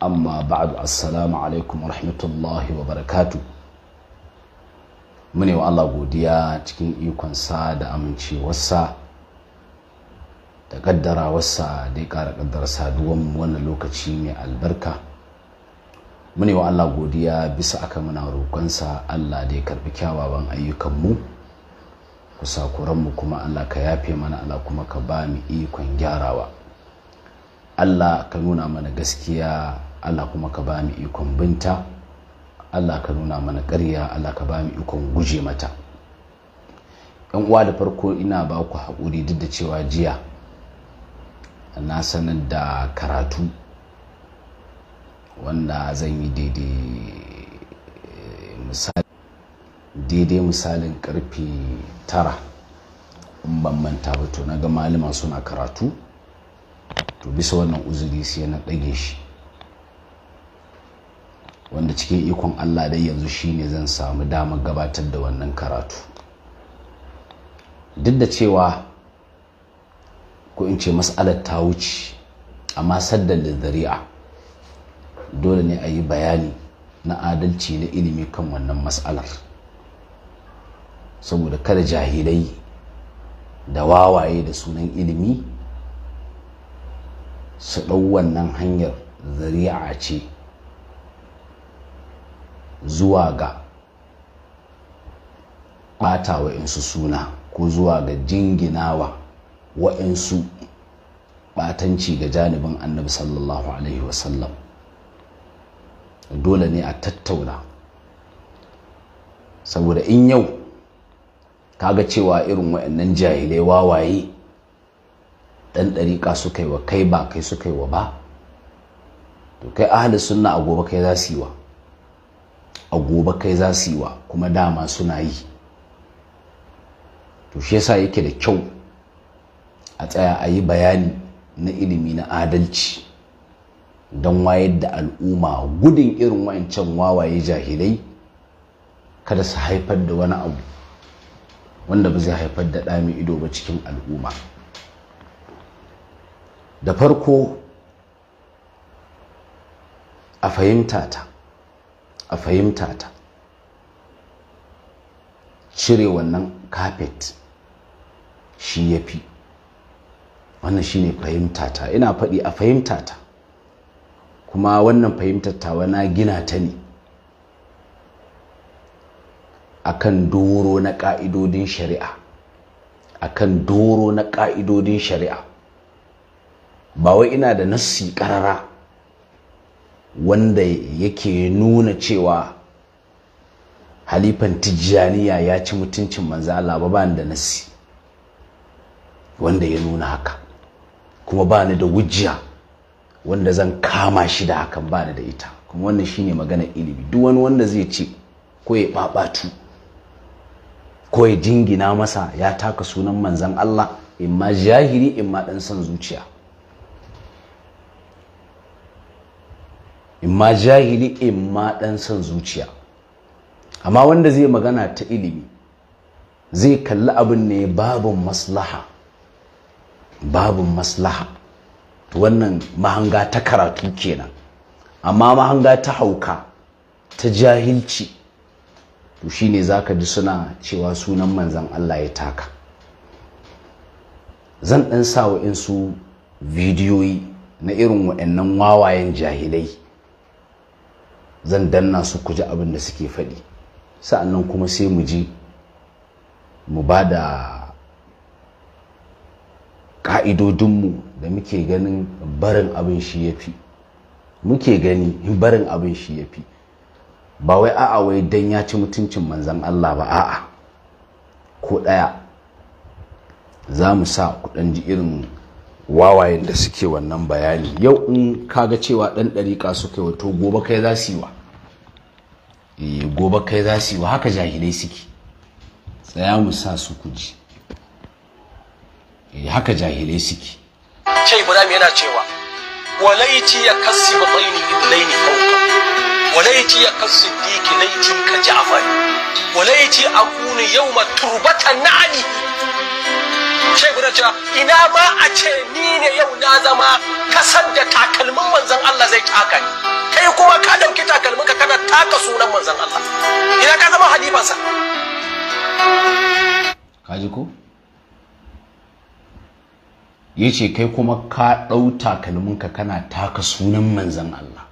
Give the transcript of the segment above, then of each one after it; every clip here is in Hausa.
amma ba'du assalamu alaikum wa rahmatullahi wa barakatu mune wa Allah godiya cikin ikonsa da amincewarsa da kaddarawarsa da ya kara kaddara saduwan wannan lokaci mai albarka mune wa Allah godiya bisa aka muna roƙonsa Allah da ya karbi kyawawan ayyukanmu kusakuranmu kuma Allah ka yafe mana Allah kuma ka ba mu ikon gyarawa Allah ka nuna mana gaskiya Allah kuma ka ba ikon binta Allah ka nuna mana ƙarya Allah ka ba ikon guje mata yan uwa da farko ina ba ku haƙuri duk da cewa jiya na sanar da karatu wanda zan yi daidai eh, misalin karfe tara in ban manta ba to na ga malama suna karatu to bisa wannan uzuri sai na ɗage shi wanda cikin ikon allah dai yanzu shine zan samu damar gabatar da wannan karatu duk da cewa ko in ce mas'alar ta wuce amma saddan da zari'a dole ne a yi bayani na adalci na ilimi kan wannan mas'alar saboda kada jahilai da wawaye da sunan ilimi su ɗau wannan hanyar zari'a ce zuwa ga ɓata wa'insu suna ko zuwa ga jinginawa wa'insu ɓatanci ga janibin annabi sallallahu alaihi wasallam dole ne a tattauna saboda in yau kaga cewa irin wa'annan jahilai wawaye ɗan ɗariƙa suka yi wa kai ba kai suka yi wa ba to kai ahalin sunna a gobe kai za su yi wa a gobe kai za su yi wa kuma dama suna yi to shi yasa yake da kyau a tsaya a yi bayani na ilimi na adalci don wayar da al'umma gudun irin wancan wawaye jahilai kada su haifar da wani abu wanda ba zai haifar da ɗami ido ba cikin al'umma da farko a fahimta ta a fahimta ta cire wannan kafet shi ya fi wannan shi ne fahimta ta ina faɗi a fahimta ta kuma wannan fahimtar ta na gina ta ne akan doro na ƙa'idodin shari'a akan doro na ƙa'idodin shari'a ba wai ina da nassi ƙarara wanda yake nuna cewa halifan tijjaniya ya ci mutuncin manzo Allah ba bani da nasi wanda ya nuna haka kuma bani da wujja wanda zan kama shi da hakan bani da ita kuma wannan shine magana ilimi duk wani wanda zai ce ko ya babatu ko ya jingina masa ya taka sunan manzon Allah imma jahiri imma dan son zuciya imma jahili in ma ɗan son zuciya amma wanda zai magana ta ilimi zai kalli abin ne babin maslaha babin maslaha wannan mahanga ta karatu kenan amma mahanga ta hauka ta jahilci to shine zaka ji suna cewa sunan manzan Allah ya taka zan ɗan sa wa'insu bidiyoyi na irin wa'annan wawayen jahilai zan danna su ku abin da suke faɗi sa'annan kuma sai mu ji mu ba da ƙa'idodinmu da muke ganin barin abin shi ya fi muke gani barin abin shi ya fi ba wai a'a wai dan ya ci mutuncin manzan Allah ba a'a ko ɗaya za mu sa kuɗan ji irin wawayen da suke wannan bayani yau in kaga cewa dan dariƙa suka wato gobe kai za su yi wa eh, gobe kai za su yi wa haka jahilai suke tsaya mu sa su kuji eh, haka jahilai suke ce ibrahim yana cewa walaiti ya kassi bayni iblaini fauka walaiti ya kassi diki laitin ka ja'fari walaiti akunu yawma turbatan na'ali shi guda cewa ina ma a ce ni ne yau na zama kasar da takalmin manzon Allah zai taka ni kai kuma ka dauki takalmin ka kana taka sunan manzon Allah ina ka zama halifansa kaji ko ya ce kai kuma ka ɗau takalminka kana taka sunan manzan Allah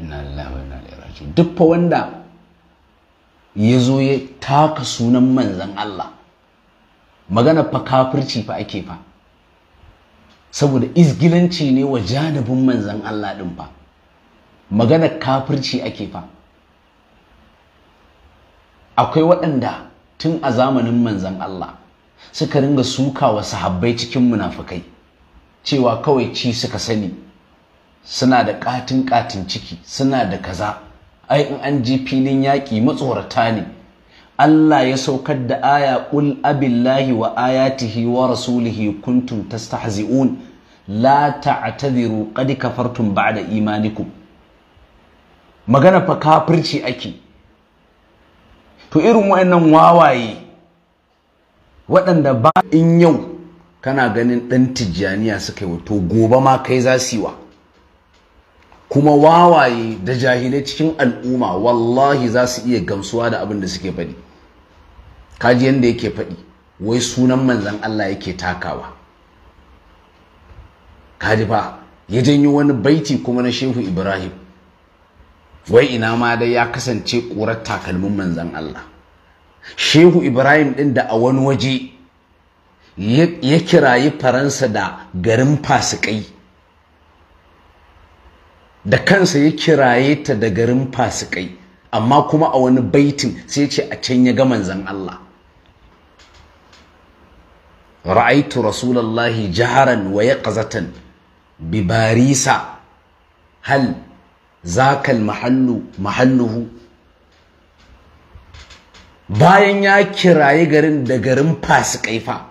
inna lillahi wa inna ilaihi raji'un duk fa wanda ya zo ya taka sunan manzan Allah magana fa kafirci fa ake fa saboda izgilanci ne wa janibin manzan Allah ɗin fa magana kafirci ake fa akwai waɗanda tun a zamanin manzan Allah suka ringa suka wa sahabbai cikin munafukai cewa kawai ci suka sani suna da katin katin ciki suna da kaza ai in an ji filin yaƙi matsorata ne Allah ya saukar da aya qul abillahi wa ayatihi wa rasulihi kuntum tastahzi'un la ta'tadhiru qad kafartum da imanikum magana fa kafirci ake to irin wayannan wawaye waɗanda ba in yau kana ganin ɗan tijjaniya suka yi wato gobe ma kai za su yi wa kuma wawaye da jahilai cikin al'umma wallahi za su iya gamsuwa da abin da suke faɗi kaji yanda yake faɗi wai sunan manzan Allah yake takawa kaji fa ya janyo wani baiti kuma na shehu ibrahim wai ina ma dai ya kasance ƙurar takalmin manzan Allah shehu ibrahim ɗin da a wani waje ya kirayi faransa da garin fasikai da kansa ya kiraye ta da garin fasikai amma kuma a wani baitin sai ce a can ya ga manzan Allah ra'aitu rasulallahi jaharan wa yaqzatan bi barisa hal zaka mahallu mahalluhu bayan ya kiraye garin da garin fasikai fa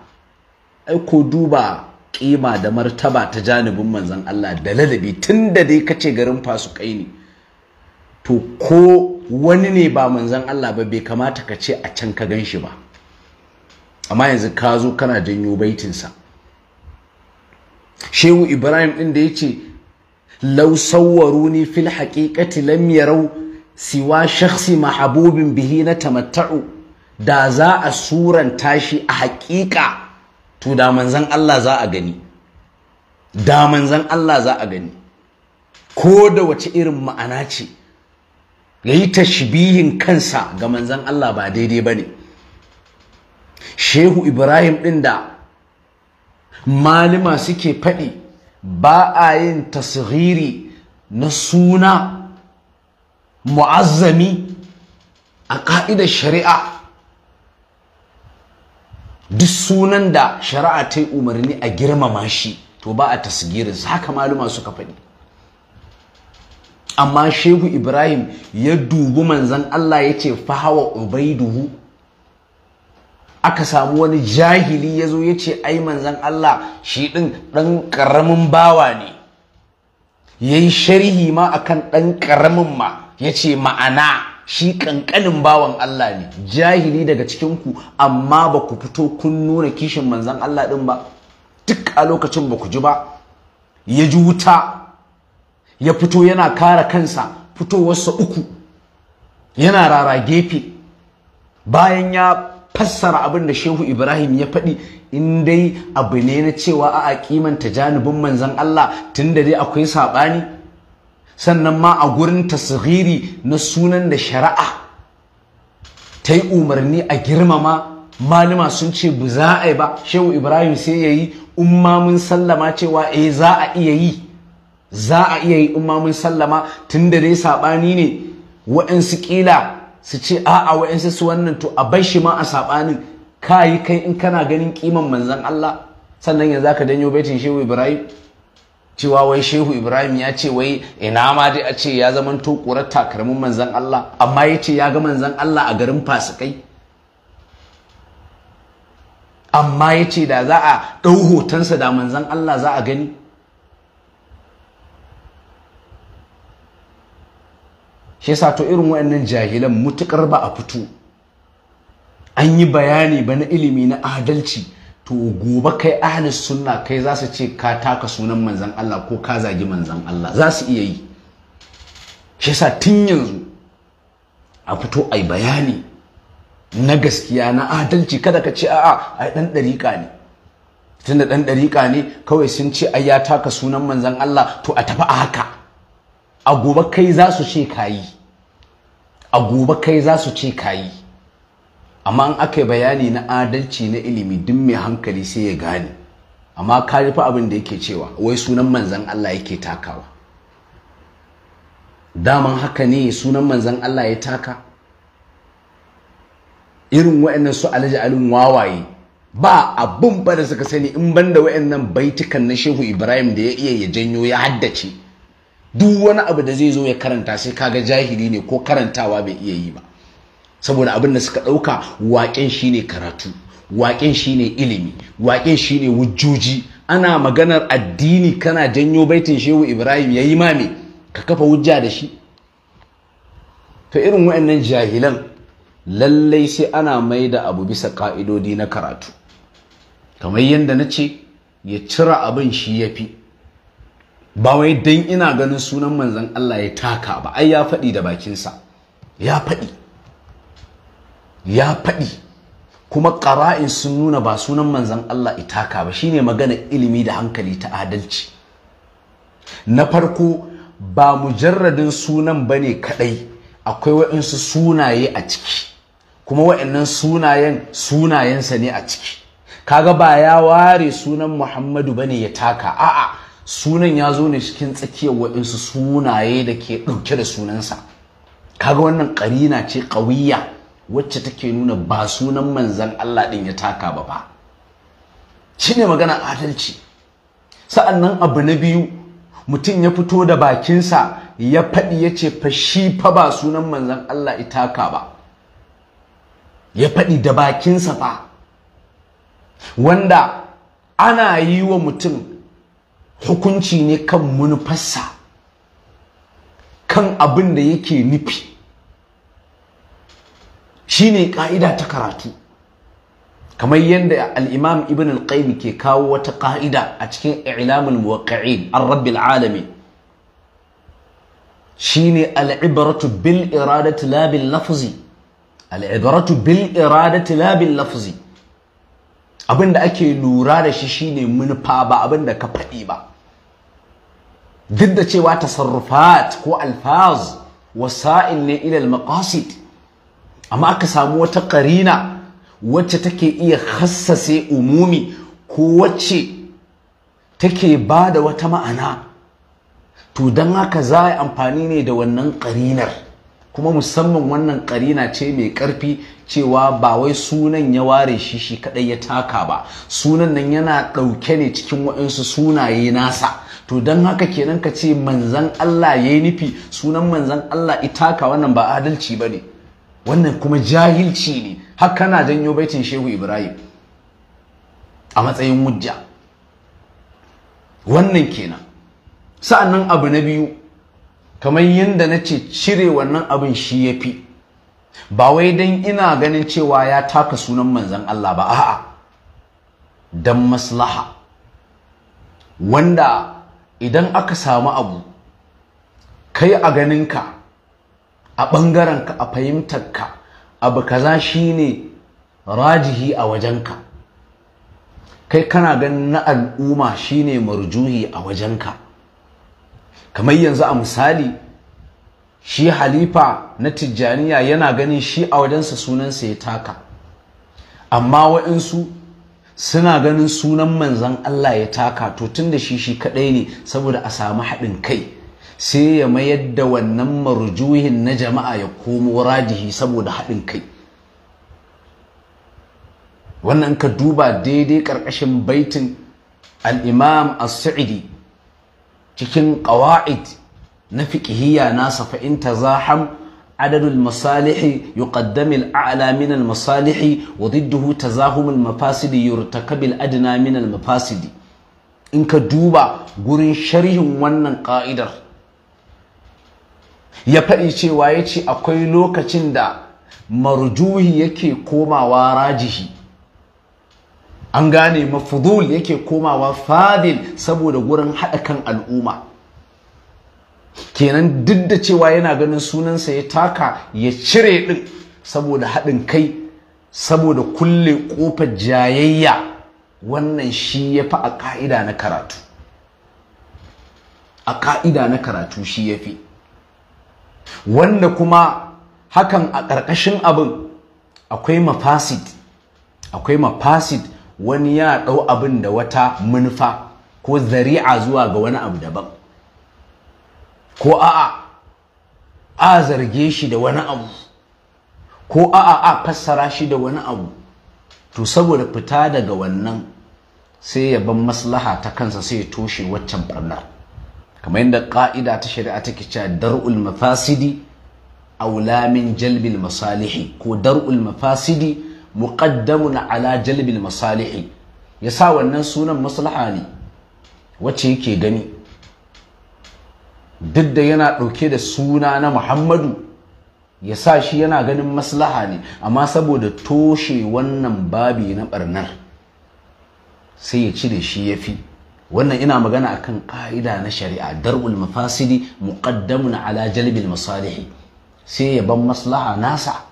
ai ko duba kima da martaba ta janibin manzon Allah da ladabi tunda dai kace garin fasikai ne to ko wani ne ba manzon Allah ba bai kamata ka ce a can ka gan shi ba amma yanzu ka zo kana janyo baitinsa shehu ibrahim ɗin da ya ce lau ni fil haƙiƙati lam yarau siwa shakhsi mahabubin bihi na tamatta'u da za a suranta shi a haƙiƙa to da manzan Allah za a gani da manzan Allah za a gani ko da wace irin ma'ana ce ya yi tashbihin kansa ga manzan Allah ba daidai ba ne shehu ibrahim ɗin da malima suke faɗi ba a yin tasiriri na suna mu'azzami a ƙa'idar shari'a duk sunan da shari'a ta yi umarni a girmama shi to ba a ka haka maluma suka faɗi amma shehu ibrahim ya dubi manzan allah ya ce fahawa ubaiduhu aka samu wani jahili ya zo ya ce ai manzan Allah shi ɗin ɗan ƙaramin bawa ne ya yi sharhi ma akan ɗan ƙaramin ma ya ce ma'ana shi ƙanƙanin bawan Allah ne jahili daga cikinku amma ba ku fito kun nuna kishin manzan Allah ɗin ba duk a lokacin ba ku ji ba ya ji wuta ya fito yana kara kansa fitowarsa uku yana rara gefe bayan ya fassara abin da shehu ibrahim ya faɗi in dai abu ne na cewa a a kimanta janibin manzan allah da dai akwai saɓani sannan ma a gurin tasghiri na sunan da shari'a ta yi umarni a girmama malama sun ce bu za a yi ba shehu ibrahim sai ya yi umma mun sallama cewa e za a iya yi za a iya yi umma mun sallama da dai saɓani ne waɗansu ƙila su ce a'a wa'yansu su wannan to a bai shi ma a saɓanin kayi kai in kana ganin kiman manzan Allah sannan yanzu ka danyo baitin shehu Ibrahim cewa wai shehu Ibrahim ya ce wai ina ma dai a ce ya zama to ƙurar takarmin manzan Allah amma ya ce ya ga manzan Allah a garin fasikai amma ya ce da za a ɗau hotonsa da manzan Allah za a gani shi yasa to irin wayannan jahilan mutukar ba a fito an yi bayani ba na ilimi na adalci to gobe kai ahli sunna kai za su ce ka taka sunan manzan Allah ko ka zagi manzan Allah za su iya yi shi yasa tun yanzu a fito ai bayani na gaskiya na adalci kada ka ce a'a ai dan dariƙa ne tunda dan dariƙa ne kawai sun ce ai ya taka sunan manzan Allah to a tafi a haka a gobe kai za su ce kayi a gobe kai za su ce kayi amma an aka bayani na adalci na ilimi duk mai hankali sai ya gane amma ka rufe abin da yake cewa wai sunan manzan Allah yake takawa daman haka ne sunan manzan Allah ya taka irin wa'annan su alaji alin wawaye ba abin ba da suka sani in banda wa'annan baitukan na shehu ibrahim da ya iya ya janyo ya haddace duk wani abu da zai zo ya karanta sai kaga jahili ne ko karantawa bai iya yi ba saboda abin da suka ɗauka waƙen shine karatu waƙen shine ilimi waƙen shine wujjoji ana maganar addini kana janyo baitin shehu ibrahim ya yi mame ka kafa wujja da shi to irin wa'annan jahilan lallai sai ana mai da abu bisa ka'idodi na karatu kamar yadda na ce ya cira abin shi ya fi ba wai dan ina ganin sunan manzon Allah ya taka ba ai ya faɗi da bakinsa ya faɗi ya faɗi kuma ƙara'in sun nuna ba sunan manzon Allah itaka ba shine magana ilimi da hankali ta adalci na farko ba mujarradin sunan bane kadai akwai waɗansu sunaye a ciki kuma waɗannan sunayen sunayensa ne a ciki kaga ba ya ware sunan Muhammadu bane ya taka a'a sunan ya zo ne cikin tsakiyar waɗansu sunaye da ke ɗauke da sunansa kaga wannan ƙarina ce ƙawiyya wacce take nuna ba sunan manzan Allah ɗin ya taka ba ba ne magana adalci sa'annan abu na biyu mutum ya fito da bakinsa ya faɗi ya ce fa shi fa ba sunan manzan Allah taka ba ya faɗi da bakinsa ba. wanda ana yi wa mutum hukunci ne kan manufarsa kan abin da yake nufi shine ƙa'ida ta karatu kamar yadda al'imam ibn al ke kawo wata ƙa'ida a cikin ilamul muwaqqi'in an rabbil alamin shine al'ibratu bil iradati la bil lafzi bil iradati la bil lafzi abin da ake lura da shi shine manufa ba abin da ka faɗi ba duk da cewa tasarrufat ko alfaz wasa'il ne ila al amma aka samu wata karina wacce take iya hassase umumi ko wacce take ba da wata ma'ana to don haka za a yi amfani ne da wannan karinar kuma musamman wannan karina ce mai karfi cewa ba wai sunan ya ware shi shi kadai ya taka ba sunan nan yana ɗauke ne cikin waɗansu sunaye nasa to don haka kenan ka ce manzan Allah ya yi nufi sunan manzan Allah itaka wannan ba adalci ba ne wannan kuma jahilci ne har kana janyo baitin shehu ibrahim a matsayin hujja wannan kenan sa'annan abu na biyu kamar yadda na ce cire wannan abin shi ya fi ba wai don ina ganin cewa ya taka sunan manzan Allah ba a'a don maslaha wanda idan aka samu abu kai a ganinka a ɓangarenka a fahimtarka abu kaza shine rajihi a wajenka kai kana ganin na al'umma shine marjuhi a wajenka kamar yanzu a misali shi halifa na tijjaniya yana ganin shi a wajensa sunansa ya taka amma waɗansu suna ganin sunan manzan Allah ya taka to tun da shi shi kadai ne saboda a samu haɗin kai sai ya mayar da wannan marujuhin na jama'a ya komo radihi saboda haɗin kai wannan ka duba daidai ƙarƙashin baitin al-imam as-sa'idi cikin ƙawa'id na fiƙihiyya nasa fa in tazaham adadul masalihi ƙaddami a'la min al masalihi wa didduhu tazahumul mafasidi yurtakabil adina min al mafasidi in ka duba gurin sharhin wannan ƙa'idar ya faɗi cewa ya ce akwai lokacin da marjuhi yake komawa rajihi an gane mafudul yake komawa fadil saboda gurin haɗa kan al'umma kenan duk da cewa yana ganin sunansa ya taka ya cire ɗin saboda haɗin kai saboda kulle ƙofar jayayya wannan shi ya fi a ƙa'ida na karatu a ƙa'ida na karatu shi ya fi wanda kuma hakan a ƙarƙashin abin akwai mafasid akwai mafasid wani ya ɗau abin da wata manufa ko zari'a zuwa ga wani abu daban ko a'a a zarge shi da wani abu ko a'a a fassara shi da wani abu to saboda fita daga wannan sai ya ban maslaha ta kansa sai ya toshe waccan barnar kamar yadda ka'ida ta shari'a take cewa dar'ul mafasidi aula min jalbil masalihi ko dar'ul mafasidi muqaddamun ala jalbil masalihi ya sa wannan sunan maslaha ne wacce yake gani duk da yana ɗauke da suna na muhammadu ya sa shi yana ganin maslaha ne amma saboda toshe wannan babi na ɓarnar sai ya cire shi ya fi wannan ina magana akan ƙa'ida na shari'a dar'ul mafasidi muqaddamun ala jalbil masalihi sai ya ban maslaha nasa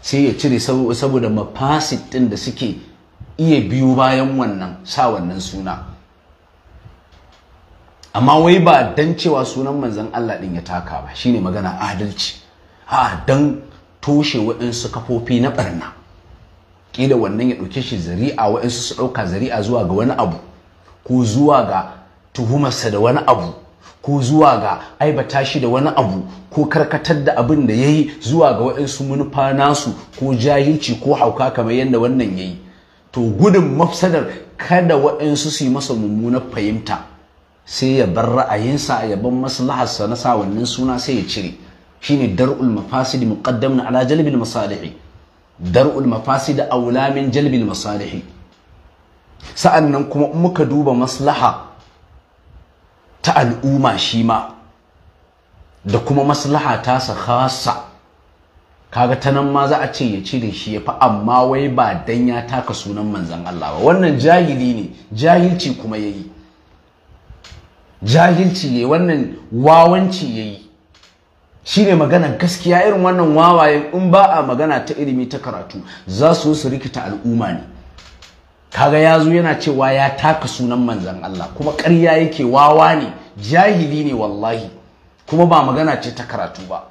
sai ya cire saboda mafasit din da suke iya biyu bayan wannan sa wannan suna amma wai ba dan cewa sunan manzon Allah din ya taka ba shine magana adalci a dan toshe waɗansu kafofi na ɓarna ƙila wannan ya ɗauke shi zari'a waɗansu su ɗauka zari'a zuwa ga wani abu ko zuwa ga tuhumarsa da wani abu ko zuwa ga aibata shi da wani abu ko karkatar da abin da ya yi zuwa ga waɗansu manufa nasu ko jahilci ko hauka kamar yadda wannan ya yi to gudun mafsadar kada waɗansu su yi masa mummunar fahimta sai ya bar ra'ayinsa a ya bar maslaharsa na sa suna sai ya cire shine dar'ul mafasid muqaddamun ala jalbil masalihi dar'ul mafasid aula min jalbil masalihi sa'annan kuma in muka duba maslaha ta al'umma shi ma da kuma maslaha ta sa. khasa kaga ta nan ma za a ce ya cire shi ya fi amma wai ba dan ya taka sunan manzon Allah ba wannan jahili ne jahilci kuma yayi jahilci ne wannan wawanci yayi yi shi ne maganar gaskiya irin wannan wawaye in ba a magana ta ilimi ta karatu za su su rikita al'umma ne kaga ya zo yana cewa ya taka sunan manzan Allah kuma ƙarya yake wawa ne jahili ne wallahi kuma ba magana ce ta karatu ba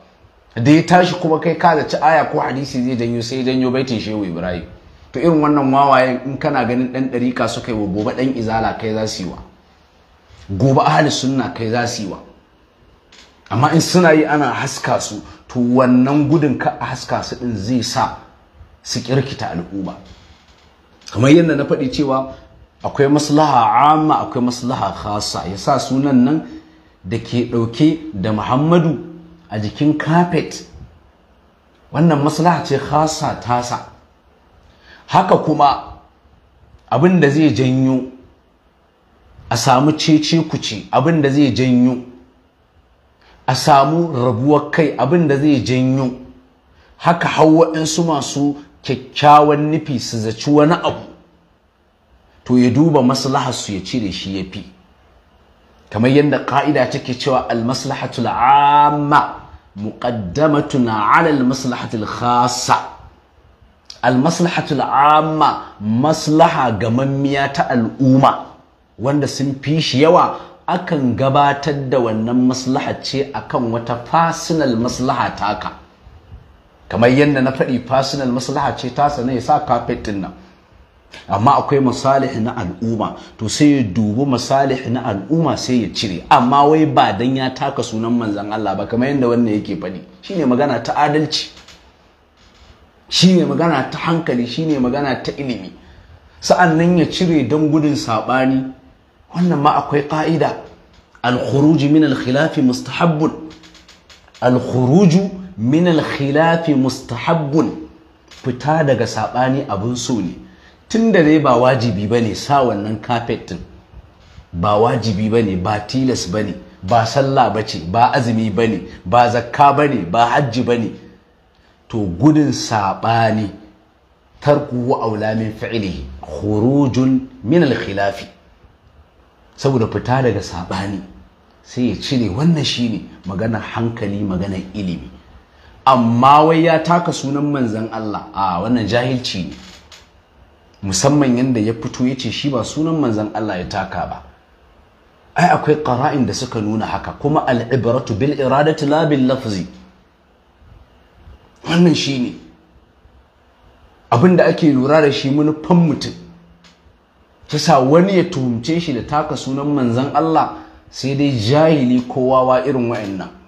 da ya tashi kuma kai ka da ci aya ko hadisi zai janyo sai janyo baitin shehu ibrahim to irin wannan wawayen in kana ganin ɗan ɗarika su kai wa gobe ɗan izala kai za su yi wa gobe ahli sunna kai za su yi wa amma in suna yi ana haska su to wannan gudun ka a haska su ɗin zai sa su kirkita al'umma kamar yadda na faɗi cewa akwai maslaha amma akwai maslaha khasa ya sa sunan nan da ke ɗauke da muhammadu a jikin kafet wannan maslaha ce khasa tasa haka kuma abin da zai janyo a samu cece kuce abin da zai janyo a samu rabuwar kai abin da zai janyo haka hau waɗansu masu kyakkyawan nufi su zaci wani abu to ya duba maslaha su ya cire shi ya fi kamar yadda ka'ida take cewa almaslahatul amma na ala almaslahatul khassa almaslahatul amma maslaha gamammiya ta al'umma wanda sun fi shi yawa akan gabatar da wannan maslaha ce akan wata fasinal maslaha taka kamar yadda na faɗi personal maslaha ce tasa ne ya sa kafet din nan amma akwai masalih na al'umma to sai ya dubi masalih na al'umma sai ya cire amma wai ba dan ya taka sunan manzon Allah ba kamar yadda wannan yake faɗi shine magana ta adalci shine magana ta hankali shine magana ta ilimi sa'an nan ya cire don gudun saɓani wannan ma akwai ka'ida. al-khuruj min al-khilafi mustahabbun al-khuruj min al-khilafi mustahabbun fita daga sabani abun so ne tunda dai ba wajibi bane sa wannan carpet din ba wajibi bane ba tilas bane ba sallah bace ba azumi bane ba zakka bane ba hajji bane to gudun sabani tarku aula min fi'lihi khurujun min al saboda fita daga sabani sai ya cire wannan shine maganar hankali maganar ilimi amma wai ya taka sunan manzan Allah a wannan jahilci ne musamman yadda ya fito ya ce shi ba sunan manzan Allah ya taka ba ai akwai ƙara'in da suka nuna haka kuma al'ibratu bil iradati la bil lafzi wannan shi ne Abinda da ake lura da shi manufan mutum sa wani ya tuhumce shi da taka sunan manzan Allah sai dai jahili ko wawa irin wa'annan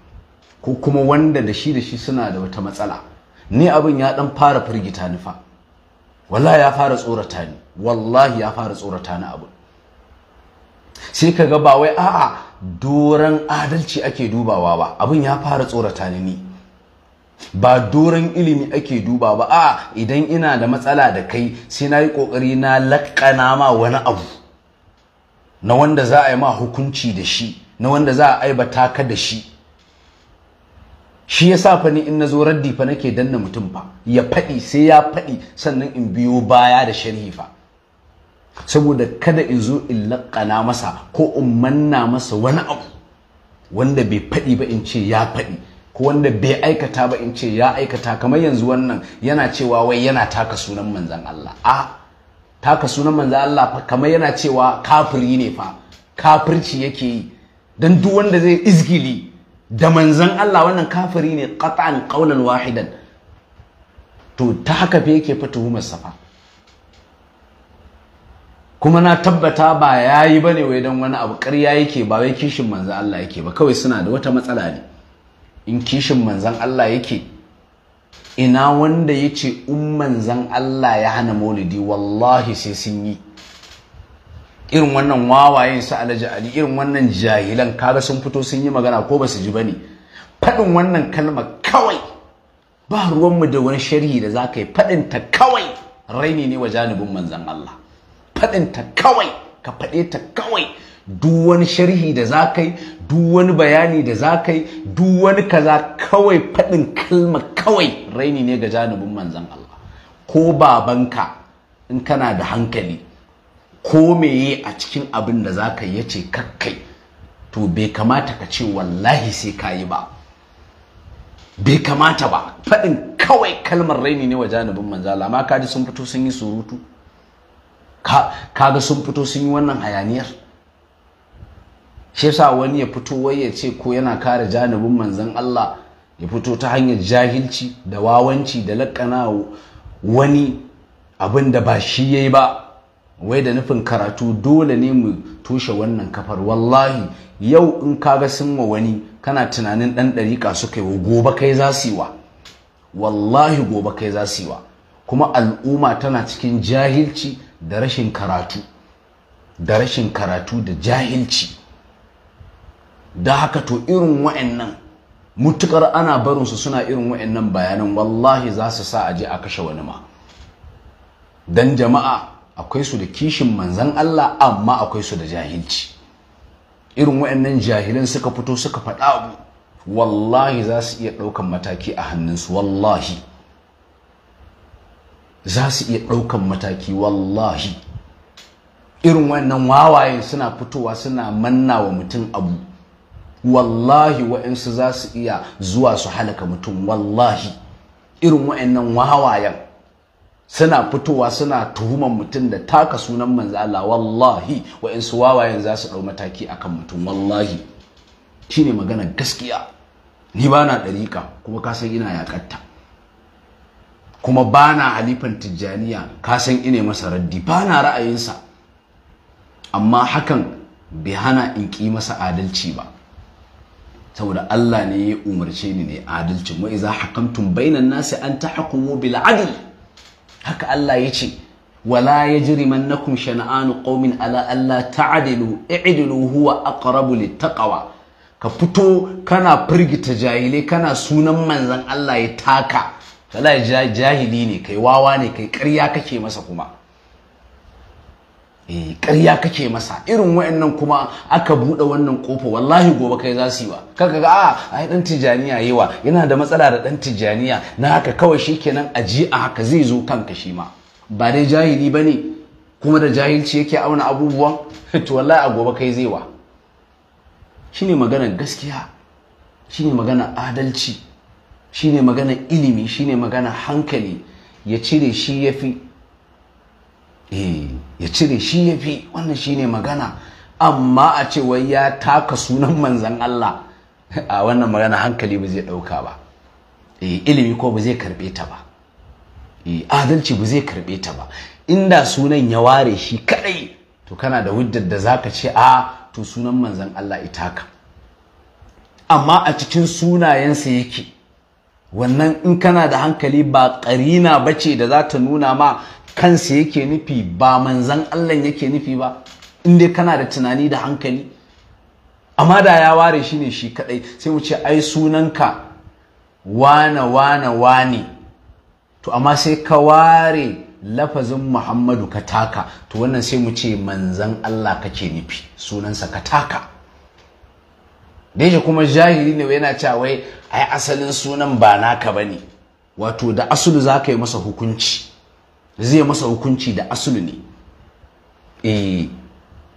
ko kuma wanda da shi da shi suna da wata matsala ni abin ya dan fara firgita ni fa wallahi ya fara tsorata ni wallahi ya fara tsorata ni abu sai ka ga ba wai a'a doran adalci ake dubawa ba abin ya fara tsorata ni ni ba doran ilimi ake duba ba a idan ina da matsala da kai sai na yi ƙoƙari na laƙana ma wani abu na wanda za a yi ma hukunci da shi na wanda za a aibata ka da shi shi yasa fa ni in nazo raddi fa nake danna mutum fa ya faɗi sai ya faɗi sannan in biyo baya da sharhi fa saboda kada in zo in laƙana masa ko in manna masa wani abu wanda bai faɗi ba in ce ya faɗi ko wanda bai aikata ba in ce ya aikata kamar yanzu wannan yana cewa wai yana taka sunan manzan Allah a taka sunan manzan Allah fa kamar yana cewa kafiri ne fa kafirci yake yi dan duk wanda zai izgili da manzan Allah wannan kafiri ne qat'an qaulan wahidan to ta haka fa yake fa tuhumar safa kuma na tabbata ba yayi bane wai dan wani abu karya yake ba wai kishin manzan Allah yake ba kawai suna da wata matsala ne in kishin manzan Allah yake ina wanda yace in manzan Allah ya hana maulidi wallahi sai sun yi irin wannan wawayen su alaji ali irin wannan jahilan kaga sun fito sun yi magana ko ba su ji ba ne. faɗin wannan kalma kawai ba ruwanmu da wani sharhi da za ka yi faɗin ta kawai raini ne wa janibin manzan Allah faɗin ta kawai ka faɗe ta kawai duk wani sharhi da za ka yi duk wani bayani da za ka yi duk wani kaza kawai faɗin kalma kawai raini ne ga janibin manzan Allah ko babanka in kana da hankali ko a cikin abin da za ka yace ya kakkai to bai kamata ka ce wallahi sai ka yi ba bai kamata ba faɗin kawai kalmar raini ne wa janibin manzala amma kaji sun fito sun yi surutu Ka ga sun fito sun yi wannan hayaniyar shi yasa wani ya fito wai ya ce ko yana kare janibin Manzan Allah ya fito ta hanyar jahilci da wawanci da laƙana wani abin da ba shi yayi ba wai da nufin karatu dole ne mu toshe wannan kafar wallahi yau in kaga sun wa wani kana tunanin dan dariƙa suka yi wa gobe kai za su yi wa wallahi gobe kai za su yi wa kuma al'umma tana cikin jahilci da rashin karatu da rashin karatu da jahilci da haka to irin wa'annan mutukar ana barinsu suna irin wa'annan bayanan wallahi za su sa aje a kashe wani ma dan jama'a akwai su da kishin manzan Allah amma akwai su da jahilci irin waɗannan jahilan suka fito suka faɗa abu wallahi za su iya ɗaukan mataki a hannunsu wallahi za su iya ɗaukan mataki wallahi irin wa'annan wawaye suna fitowa suna manna wa mutum abu wallahi wa'insu za su iya zuwa su halaka mutum wallahi irin wa'annan wawayen suna fitowa suna tuhuman mutum da taka sunan manzo Allah wallahi su wawayen za su dau mataki akan mutum wallahi shine magana gaskiya ni ba na ɗariƙa kuma ka san ina yakatta kuma ba na halifan tijjaniya ka san ina masa raddi ba na ra'ayinsa amma hakan bai hana in ƙi masa adalci ba saboda Allah ne ya umarce ni ne adalcin wa iza hakamtum bainan nasi an tahkumu bil adl haka Allah ya ce wala ya yajrimannakum shana'anu qaumin ala ta ta'dilu i'dilu huwa aqrabu littaƙawa ka fito kana firgita jahilai kana sunan manzan Allah ya taka kala jahili ne kai wawa ne kai ƙarya kake masa kuma Eh, ƙarya kake masa irin wa'annan kuma aka buɗe wannan kofa wallahi gobe kai za su yi wa kaga ga a ah, ai ɗan tijaniya wa yana da matsala da dan tijaniya na haka kawai shikenan aji a haka zai zo kanka shi ma ba dai jahili bane kuma da jahilci yake auna abubuwan to wallahi a gobe kai zai wa shine magana gaskiya shine magana adalci shine magana ilimi shine magana hankali ya cire shi yafi Eh, ya cire shi ya fi wannan shi ne magana amma a ce wai ya taka sunan manzan Allah a wannan magana hankali ba zai ɗauka ba eh, ilimi ko ba zai karɓe ta ba eh, adalci ba zai karɓe ta ba inda sunan ya ware shi kadai, to kana da hujjar da zaka ce a to sunan manzan Allah itaka amma a cikin sunayensa yake wannan in kana da hankali ba ƙarina bace da za ta nuna ma kansa yake nufi ba manzan Allah yake nufi ba inda kana da tunani da hankali amma da ya ware shi ne shi kadai sai mu ai sunanka wane wane wane to amma sai ka ware lafazin Muhammadu ka taka to wannan sai mu ce manzan Allah kake nufi sunansa ka taka da kuma jahiri ne yana cewa wai ai asalin sunan ba naka bane wato da asulu za ka yi masa hukunci zai masa hukunci da asulu ne eh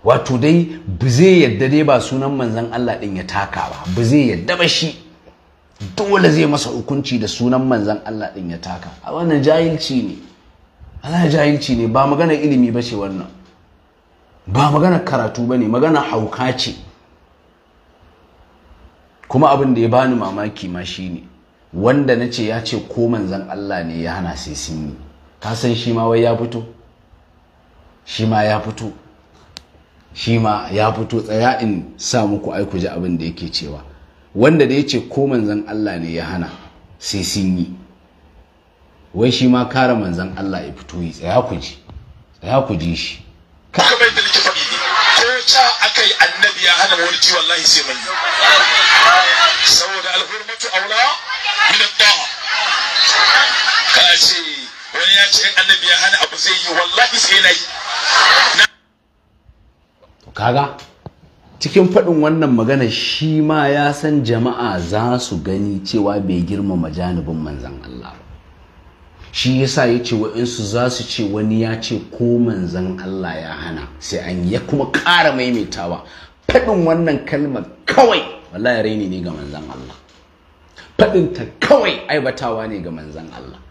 wato dai ba zai yadda dai ba sunan manzan Allah din ya taka ba ba zai yadda ba shi dole zai masa hukunci da sunan manzan Allah din ya taka a wannan jahilci ne ana jahilci ne ba magana ilimi ba ce wannan ba magana karatu ba ne magana hauka ce kuma abin da ya bani mamaki ma shine wanda na ce ya ce ko manzan Allah ne ya hana sai sun yi ka san shi ma wai ya fito shi ma ya fito shi ma ya fito tsaya in sa muku ai ku ji abin da yake cewa wanda da yace ko manzon Allah ne ya hana sai sun yi wai shi ma kare manzon Allah ya fito yi tsaya ku ji tsaya ku ji shi ka bai da ko ta akai annabi ya hana wani ji wallahi sai mun saboda alhurmatu aula min at da ka ce wani ya ce annabi hana abu zai yi wallahi sai na yi kaga cikin faɗin wannan magana shi ma ya san jama'a za su gani cewa bai girmama janibin manzan Allah ba shi yasa ya ce wa'insu za su ce wani ya ce ko manzan Allah ya hana sai an ya kuma ƙara maimaitawa faɗin wannan kalmar kawai wallahi raini ne ga manzan Allah faɗinta kawai aibatawa ne ga manzan Allah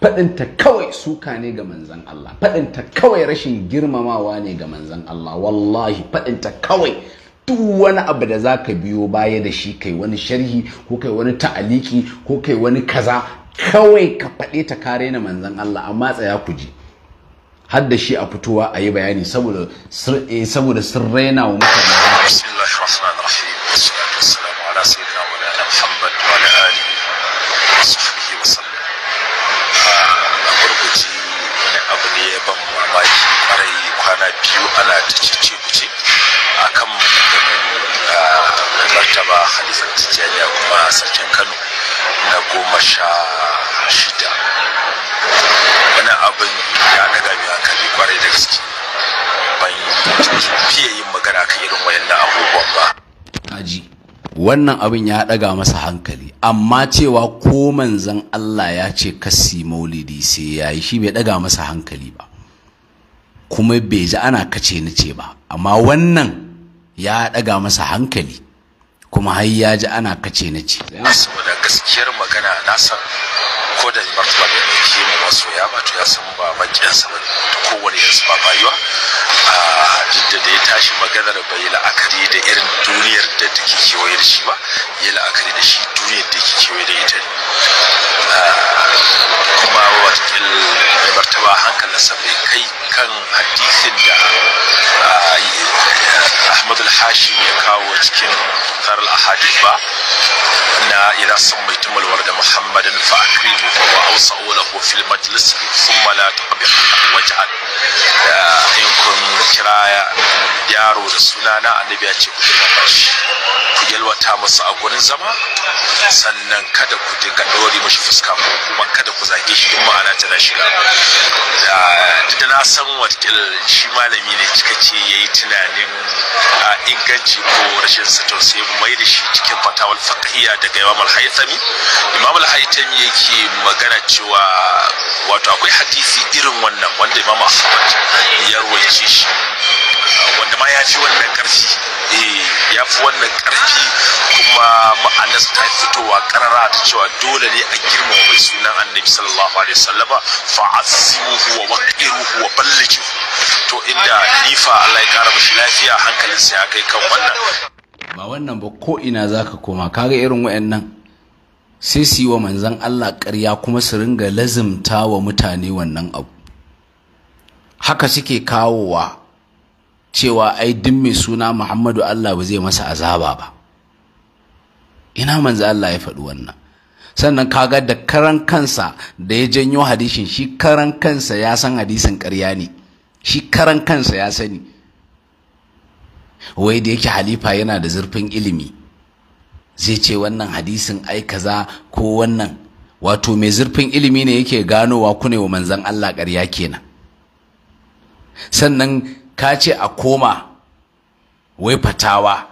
faɗinta kawai suka ne ga manzan Allah faɗinta kawai rashin girmamawa ne ga manzan Allah wallahi faɗinta kawai duk wani abu da za ka biyo baya da shi kai wani sharhi ko kai wani ta'aliki ko kai wani kaza kawai ka faɗe ta kare na manzan Allah amma tsaya ku ji har da shi a fitowa a yi bayani saboda eh, saboda sun raina wa mutane bismillahir biyu ana ta cece kuce a kan ah, martaba halifar tijjaniya kuma a sarkin kano na goma sha shida wani abin ya daga mai hankali kwarai da gaske ban fiye yin magana kan irin wayannan abubuwan ba aji wannan abin ya daga masa hankali amma cewa ko manzan Allah ya ce kasi maulidi sai ya yi shi bai daga masa hankali kuma bai ji ana kace ni ce ba amma wannan ya daga masa hankali kuma har ya ji ana kace ni ce saboda gaskiyar magana na san ko da martaba da shi ne ya ba to ya san ba makiyansa ba ko kowane san ba bayuwa jidda da ya tashi maganar bai la'akari da irin duniyar da take kewaye da shi ba ya la'akari da shi duniyar da ke kewaye da ita ne kuma ba mai martaba hankalinsa bai kai kan hadisin da ahmad al-hashim ya kawo cikin zarar ahadith ba na idan sun mai tumalwar da muhammadin fa'akribu wa ausa lahu fil majlis thumma la tuqbih waj'al in kun kira yaro da suna na annabi ya ce ku girmama shi ku yalwata masa a gurin zama sannan kada ku dinga dore mashi fuska ko kuma kada ku zage shi duk ma'ana tana shiga da na san san wakil shi malami ne cikakke ya yi tunanin a inganci ko rashin sato sai mai da shi cikin fatawal fakhiya daga imam al-haythami imam al-haythami yake magana cewa wato akwai hadisi irin wannan wanda imam ahmad ya ruwaice shi wanda ma ya fi wannan ƙarfi eh ya fi wannan ƙarfi kuma ma'anarsa ta fitowa karara ta cewa dole ne a girmama mai sunan annabi sallallahu alaihi wasallama fa'azzimuhu wa waqiruhu wa bal malliki to inda difa Allah ya kara mishi lafiya sai ya kai kan wannan ba wannan ba ko ina zaka koma kaga irin wayannan sai su yi wa manzan Allah ƙarya kuma su ringa lazimta wa mutane wannan abu haka suke kawowa cewa ai duk mai suna Muhammadu Allah ba zai masa azaba ba ina manzan Allah ya faɗi wannan sannan kaga da karan kansa da ya janyo hadisin shi karan kansa ya san hadisin ƙarya ne shi karan kansa ya sani wai da yake halifa yana da zurfin ilimi zai ce wannan hadisin ai kaza ko wannan wato mai zurfin ilimi ne yake ganowa ku ne wa manzan Allah ƙarya kenan sannan ka ce a koma wai fatawa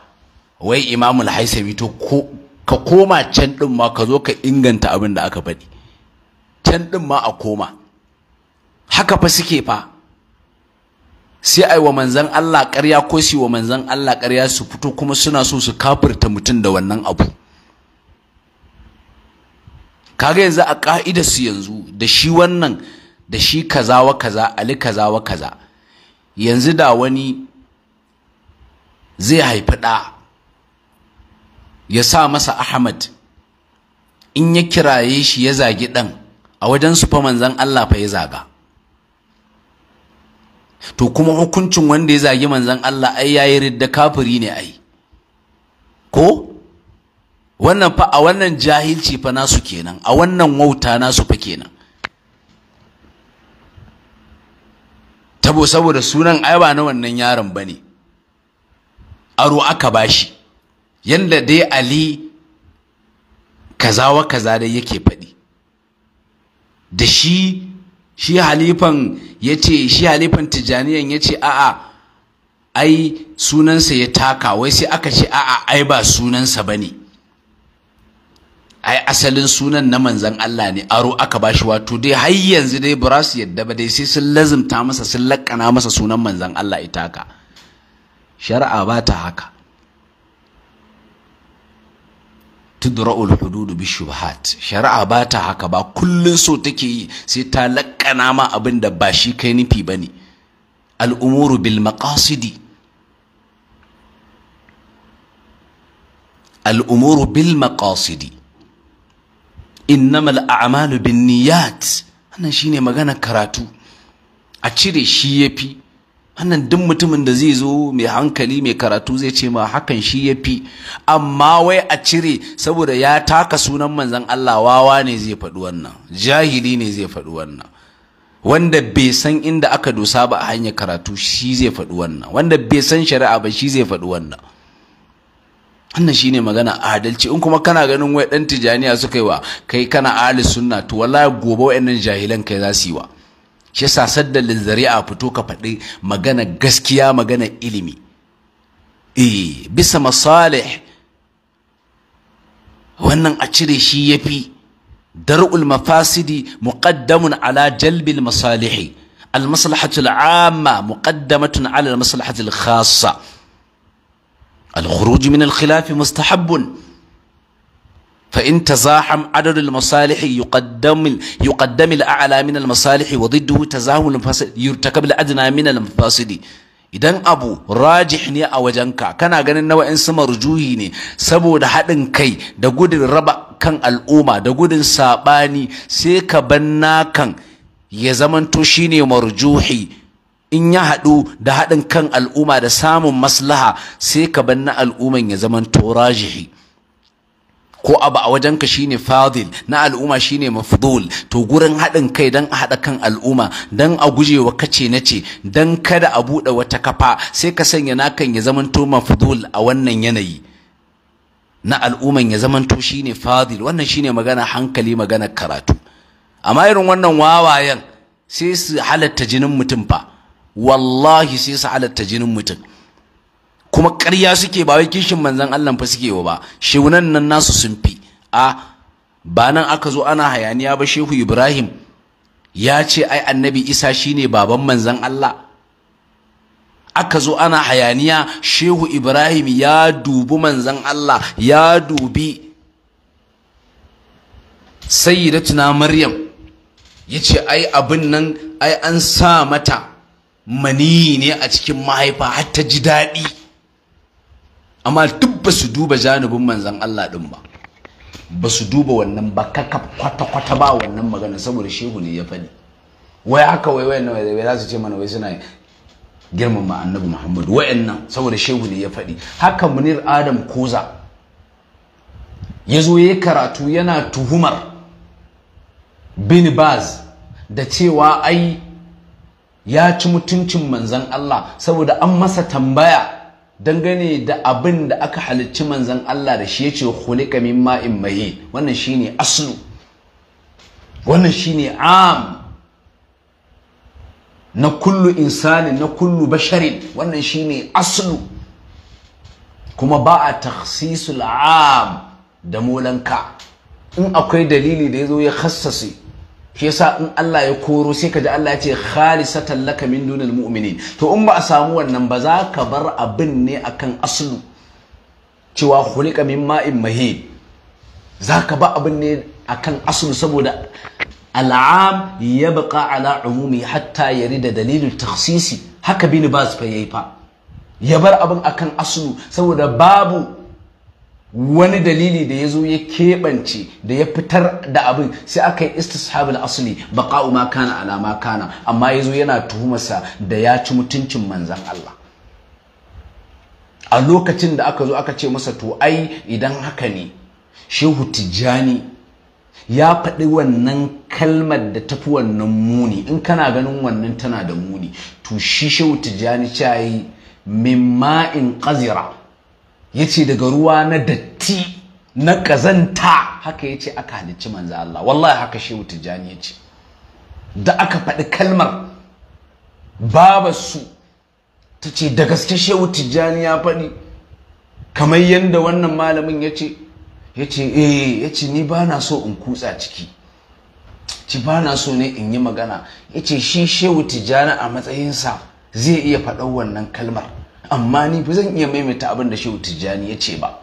wai imamul haisami to ka koma can ɗin ma ka zo ka inganta abin da aka faɗi can ɗin ma a koma haka fa suke fa sai ai wa manzan Allah ƙarya ko su wa manzan Allah ƙarya su fito kuma suna so su kafirta mutum da wannan abu kaga yanzu a ƙa'idar su yanzu da shi wannan da shi kazawa kaza ali kazawa kaza yanzu da wani zai haifi ɗa ya sa masa Ahmad in ya kiraye shi ya zagi ɗan a wajen su fa manzan Allah fa ya zaga to kuma hukuncin wanda ya zagi manzan Allah ai ya yi ridda kafiri ne ai ko wannan fa a wannan jahilci fa nasu kenan a wannan wauta nasu fa kenan tabo saboda sunan ai ba na wannan yaron ba ne, aro aka bashi yanda dai ali kaza wa kaza dai yake faɗi da shi shi halifan ya shi halifan Tijaniyan yace ce a'a ai sunansa ya taka wai sai aka ce a'a ai ba sunansa ba ne ai asalin sunan na manzan Allah ne aro aka bashi wato dai har yanzu dai ba su yadda ba dai sai sun lazimta masa sun lakkana masa sunan manzan Allah ita haka shari'a ba ta haka tudra'ul hududu bi shubhat shari'a ba ta haka ba kullun so take yi sai ta lakkana ma abin da ba shi kai nufi bane al'umuru bil maqasidi al'umuru bil maqasidi innamal a'malu bin niyyat wannan shine magana karatu a cire shi yafi wannan duk mutumin da zai zo mai hankali mai karatu zai ce ma hakan shi ya fi amma wai a cire saboda ya taka sunan manzan Allah wawa ne zai faɗi wannan jahili ne zai faɗi wannan wanda bai san inda aka dosa ba a hanyar karatu shi zai faɗi wannan wanda bai san shari'a ba shi zai faɗi wannan wannan shine magana adalci in kuma kana ganin wai dan tijaniya suka yi wa kai kana ahli sunna to wallahi gobe wayannan jahilan kai za su yi wa shi yasa sadda a fito ka faɗi magana gaskiya magana ilimi eh bisa masalih wannan a cire shi yafi dar'ul mafasidi muqaddamun ala jalbil masalihi المصلحة العامة مقدمة على المصلحة الخاصة الخروج من الخلاف مستحب فإن تزاحم عدد المصالح يقدم يقدم الأعلى من المصالح وضده تزاحم المفاسد يرتكب الأدنى من المفاسد idan abu rajih ne a wajenka kana ganin na wa'insu marjuhi ne saboda haɗin kai da gudun raba kan al'umma da gudun saɓani sai ka bar nakan ya zamanto shine marjuhi in ya haɗu da haɗin kan al'umma da samun maslaha sai ka bar na al'umman ya zamanto rajihi ko abu a wajen wajenka shine fadil na al'umma shine mafdul to gurin haɗin kai dan a haɗa kan al'umma dan a gujewa kace nace dan kada a buɗe wata kafa sai ka sanya nakan ya zamanto mafdul a wannan yanayi na al'umman ya zamanto shine fadil wannan shine magana hankali magana karatu amma irin wannan wawayen sai su halatta jinin mutum fa wallahi sai su halatta jinin mutum kuma ƙarya suke ba wai kishin manzon Allah fa suke ba shehunan nan nasu sun fi a ba nan aka zo ana hayaniya ba shehu Ibrahim ya ce ai annabi Isa shine baban manzon Allah aka zo ana hayaniya shehu ibrahim ya dubi manzan allah ya dubi sayyidatuna maryam ya ce ai abin nan ai an sa mata mani ne a cikin mahaifa har ta ji daɗi amma duk ba su duba janibin manzan Allah ɗin ba ba su duba wannan ba kaka kwata-kwata ba wannan magana saboda shehu ne ya faɗi wai haka wai wai nan wai za su ce mana wai suna girmama annabi muhammad wayannan saboda shehu ne ya faɗi haka munir adam koza ya zo ya karatu yana tuhumar bin baz da cewa ai ya ci mutuncin manzan Allah saboda an masa tambaya dangane da abin da aka halicci manzan Allah da shi yace khuliqa min ma'in mahi wannan shi ne aslu wannan shi ne am na kullu insani na kullu basharin wannan shi ne aslu kuma ba a taksisul am da molanka in akwai dalili da ya zo ya khassasi shi yasa in Allah ya koro sai ka ji Allah ya ce khalisatan laka min dunal mu'minin to in ba a samu wannan ba za ka bar abin ne akan aslu cewa khuliqa min ma'in mahin za ka ba abin ne akan aslu saboda al'am yabqa ala umumi hatta yarida dalilin takhsisi haka bin baz fa yayi fa ya bar abin akan aslu saboda babu wani dalili da ya zo ya keɓance da ya fitar da abin sai aka yi istishabul asli baqa'u ma kana alama kana amma ya zo yana tuhumarsa da ya ci mutuncin manzan Allah a lokacin da aka zo aka ce masa to ai idan haka ne shehu tijjani ya faɗi wannan kalmar da tafi wannan muni in kana ganin wannan tana da muni to shi shehu tijjani cayi yi in ƙazira ya ce daga ruwa na datti na ƙazanta haka ya ce aka halicci manzo Allah wallahi haka shehu tijjani ya ce da aka faɗi kalmar babarsu ta ce da gaske shehu tijjani ya faɗi kamar yadda wannan malamin ya ce ya ce eh ya ce ni ba na so in kutsa ciki ci ba na so ne in yi magana ya ce shi shehu tijjani a matsayinsa zai iya faɗan wannan kalmar amma ni ba zan iya maimaita abin da shehu tijjani ya ce ba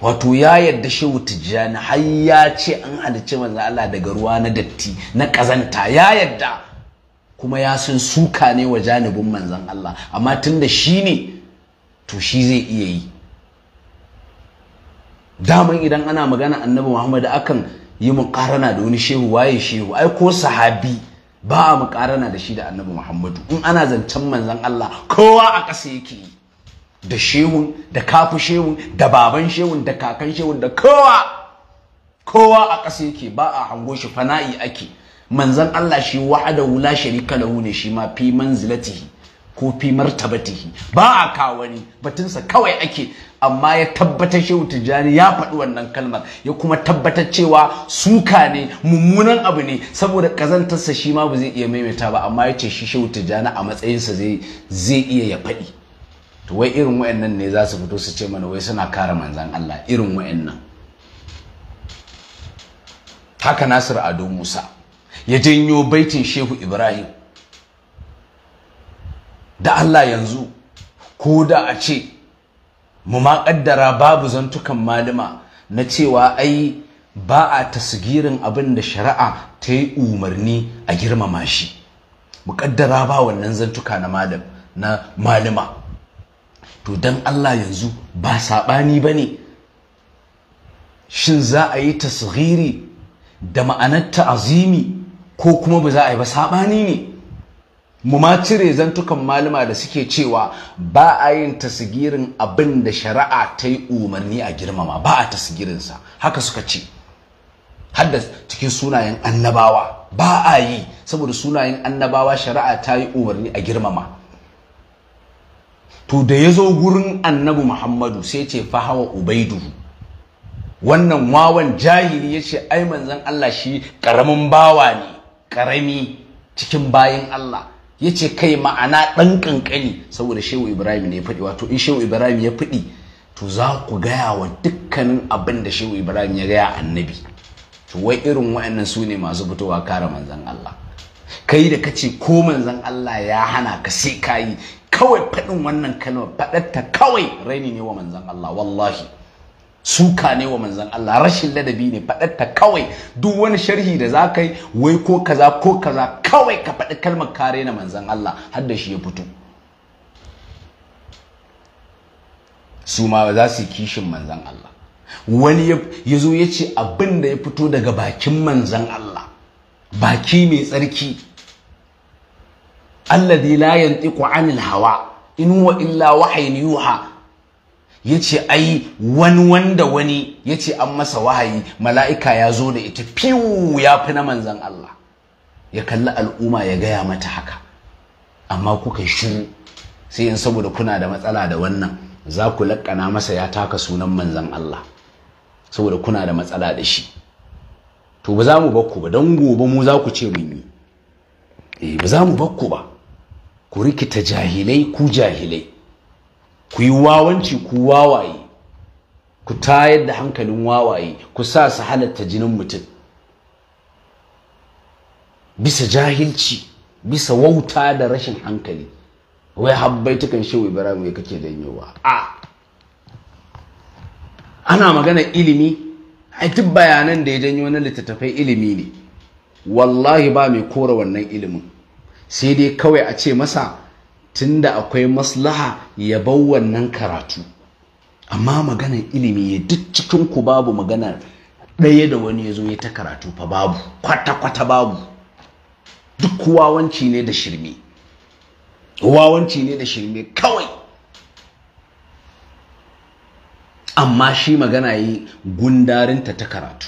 wato ya yadda shehu tijjani har ya ce an halicci manzo Allah daga ruwa na datti na kazanta ya yadda kuma ya san suka ne wa janibin manzon Allah amma tunda shi ne to shi zai iya yi daman idan ana magana annabi Muhammad akan yi mukarana da wani shehu waye shehu ai ko sahabi ba mu karana da shi da annabi muhammadu in ana zancen manzan allah kowa a ƙasa yake da shehun da kafu shehun da baban shehun da kakan shehun da kowa kowa a ƙasa yake ba a hango shi fana'i ake manzan allah shi wa'ada wula sharika lahu ne shi ma fi manzilatihi ko fi martabatihi ba a kawo batunsa kawai ake amma ya tabbatar shehu tijjani ya faɗi wannan kalmar ya kuma tabbatar cewa suka ne mummunan abu ne saboda ƙazantarsa shi ma ba zai iya maimaita ba amma ya ce shi shehu tijjani a matsayinsa zai iya ya faɗi to wai irin wa'annan ne za su fito su ce mana wai suna kare manzan Allah irin wa'annan haka Nasir Ado Musa ya janyo baitin Shehu Ibrahim da Allah yanzu ko da a ce mu ma kaddara babu zantukan malama na cewa ai ba a tasgirin abin da shari'a ta yi umarni a girmama shi mu kaddara ba wannan zantuka na malam na malama to dan Allah yanzu ba saɓani bane shin za a yi tasghiri da ma'anar ta'azimi ko kuma ba za a yi ba saɓani ne mu ma cire zantukan malama da suke cewa ba a yin tasgirin abin da shari'a ta yi umarni a girmama ba a tasgirinsa haka suka ce hadda cikin sunayen annabawa ba a yi saboda sunayen annabawa shari'a ta yi umarni a girmama to da ya zo gurin annabi muhammadu sai ce fahawa ubaidu wannan wawan jahili ya ce ai manzon allah shi karamin bawa ne karami cikin bayan allah yace kai ma'ana ɗan kankani saboda shehu ibrahim ne ya faɗi wato in shehu ibrahim ya faɗi to za ku gaya wa dukkanin abin da shehu ibrahim ya gaya annabi to wai irin wayannan su ne masu fitowa kare manzon allah kai da kace ko manzon allah ya hana ka sai kayi kawai faɗin wannan kalmar faɗarta kawai raini ne wa manzon allah wallahi suka ne wa manzon Allah rashin ladabi ne ta kawai duk wani sharhi da za ka yi wai ko kaza ko kaza kawai ka faɗi kalmar kare na manzon Allah har da shi ya fito su ma za su yi kishin manzon Allah wani ya zo ya ce abin da ya fito daga bakin manzon Allah baki mai tsarki alladhi la yantiqu anil hawa in huwa illa wahayin yuha ya ce ai wani wanda wani ya ce an masa wahayi mala'ika ya zo da ita fiwu ya fi na manzan Allah ya kalli al'umma ya gaya mata haka amma kuka shiru sai in saboda kuna da matsala da wannan za ku laƙana masa ya taka sunan manzan Allah saboda kuna da matsala da shi to ba za mu bakku ba don gobe mu za ku ce mun yi eh, ba za mu bakku ba ku rikita jahilai ku jahilai ku yi wawanci ku wawaye ku tayar da hankalin wawaye ku sa su halatta jinin mutum bisa jahilci bisa wauta da rashin hankali wai habbai tukan shewa ibrahim ya kake danyowa a ana magana ilimi a duk bayanan da ya janyo na littattafai ilimi ne wallahi ba mai kora wannan ilimin sai dai kawai a ce masa tunda akwai maslaha ya bau wannan karatu amma maganar ilimi ya duk cikin ku babu maganar ɗaya da wani ya zo ya ta karatu fa babu kwata-kwata babu duk wawanci ne da shirme kuwawanci ne da shirme kawai amma shi magana yi gundarinta ta karatu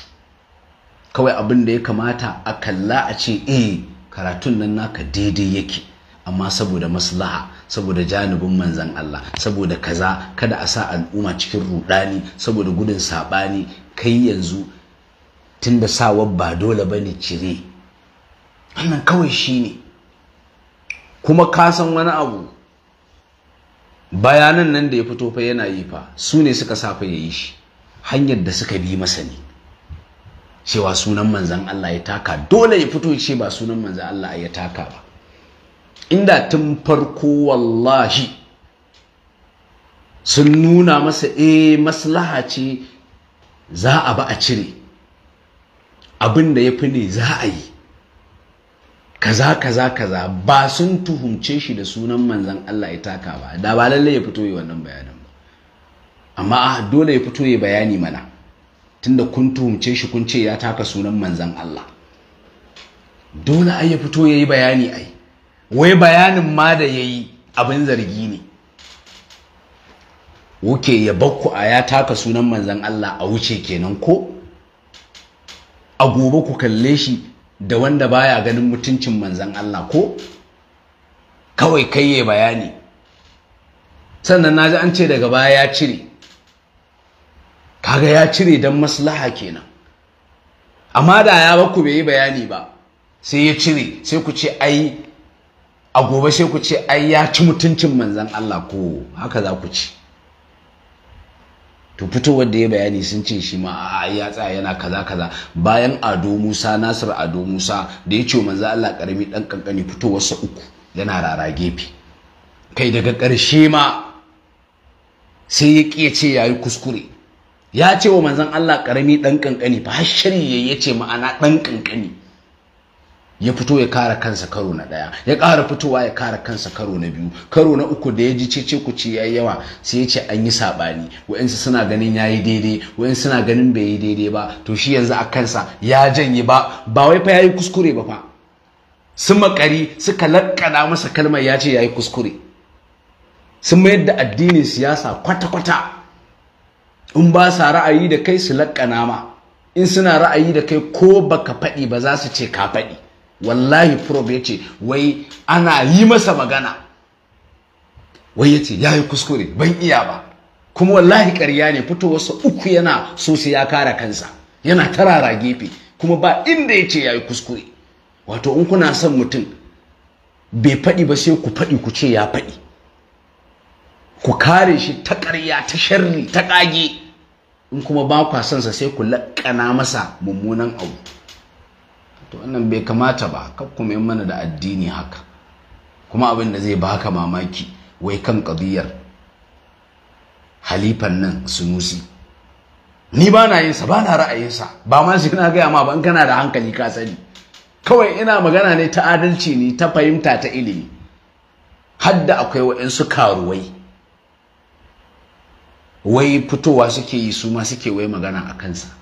kawai abin da ya kamata a kalla a ce eh karatun nan naka daidai yake amma saboda maslaha saboda janibin manzan Allah saboda kaza kada a sa al'umma cikin rudani saboda gudun sabani kai yanzu tunda sawa ba dole bane cire wannan kawai shine kuma ka san wani abu bayanan nan da ya fito fa yana yi fa su ne suka sa ya yayi shi hanyar da suka bi masa ne cewa sunan manzan Allah ya taka dole ya fito ce ba sunan manzan Allah ya taka ba inda tun farko wallahi sun nuna masa e maslaha ce za a ba a cire abin da ya fi ne za a yi kaza kaza kaza ba sun tuhumce shi da sunan manzan Allah ya taka ba da ba lallai ya fito yi wannan bayanin ba amma a ah, dole ya fito yi bayani mana tunda kun tuhumce shi kun ce ya taka sunan manzan Allah dole a ya fito yi bayani ai wai bayanin ma da ya yi abin zargi ne wuke ya bakku a ya taka sunan manzan Allah a wuce kenan ko a gobe ku kalle shi da wanda baya ganin mutuncin manzan Allah ko kawai kai ya bayani sannan na ji an ce daga baya ya cire kaga ya cire don maslaha kenan amma da ya bakku bai yi bayani ba sai ya cire sai ku ce ai a gobe sai ku ce ai ya ci mutuncin manzan Allah ko haka za ku ci to fitowar da ya bayani sun ce shi ma a ya tsaya yana kaza kaza bayan ado musa nasir ado musa da ya ce manzan Allah karami dan kankani fitowarsa uku yana rara gefe kai daga ƙarshe ma sai ya ƙi ce ya yi kuskure ya ce wa manzan Allah ƙarami ɗan ƙanƙani fa har shirye ya ce ma'ana ɗan ƙanƙani ya fito ya kara kansa karo na daya ya kara fitowa ya kara kansa karo na biyu karo na uku da ya ji cece ku ce yayi yawa sai ya ce an yi sabani wa'ansu suna ganin yayi daidai wa'ansu suna ganin bai yi daidai ba to shi yanzu a kansa ya janye ba ba wai fa yayi kuskure ba fa sun makari suka lakkana masa kalmar ya ce yayi kuskure sun mayar da addinin siyasa kwata-kwata in ba sa ra'ayi da kai su lakkana ma in suna ra'ayi da kai ko baka faɗi ba za su ce ka faɗi wallahi prob ya ce wai ana yi masa magana wai ya ce ya yi kuskure ban iya ba kuma wallahi karya ne fitowarsa uku yana so ya kara kansa yana tarara gefe kuma ba inda ya ce ya yi kuskure wato in kuna son mutum bai faɗi ba sai ku faɗi ku ce ya faɗi ku kare shi ta ƙarya ta sharri ta ƙage in kuma ba kwa sai ku laƙana masa mummunan abu to wannan bai kamata ba kuma mai mana da addini haka kuma abin da zai baka mamaki wai kan ƙabiyar halifan nan sunusi ni ba na yinsa ba na ra'ayinsa ba ma shi na gaya ma ban kana da hankali ka sani kawai ina magana ne ta adalci ne ta fahimta ta ilimi hadda akwai waɗansu karuwai wai fitowa suke yi su ma suke wai magana a kansa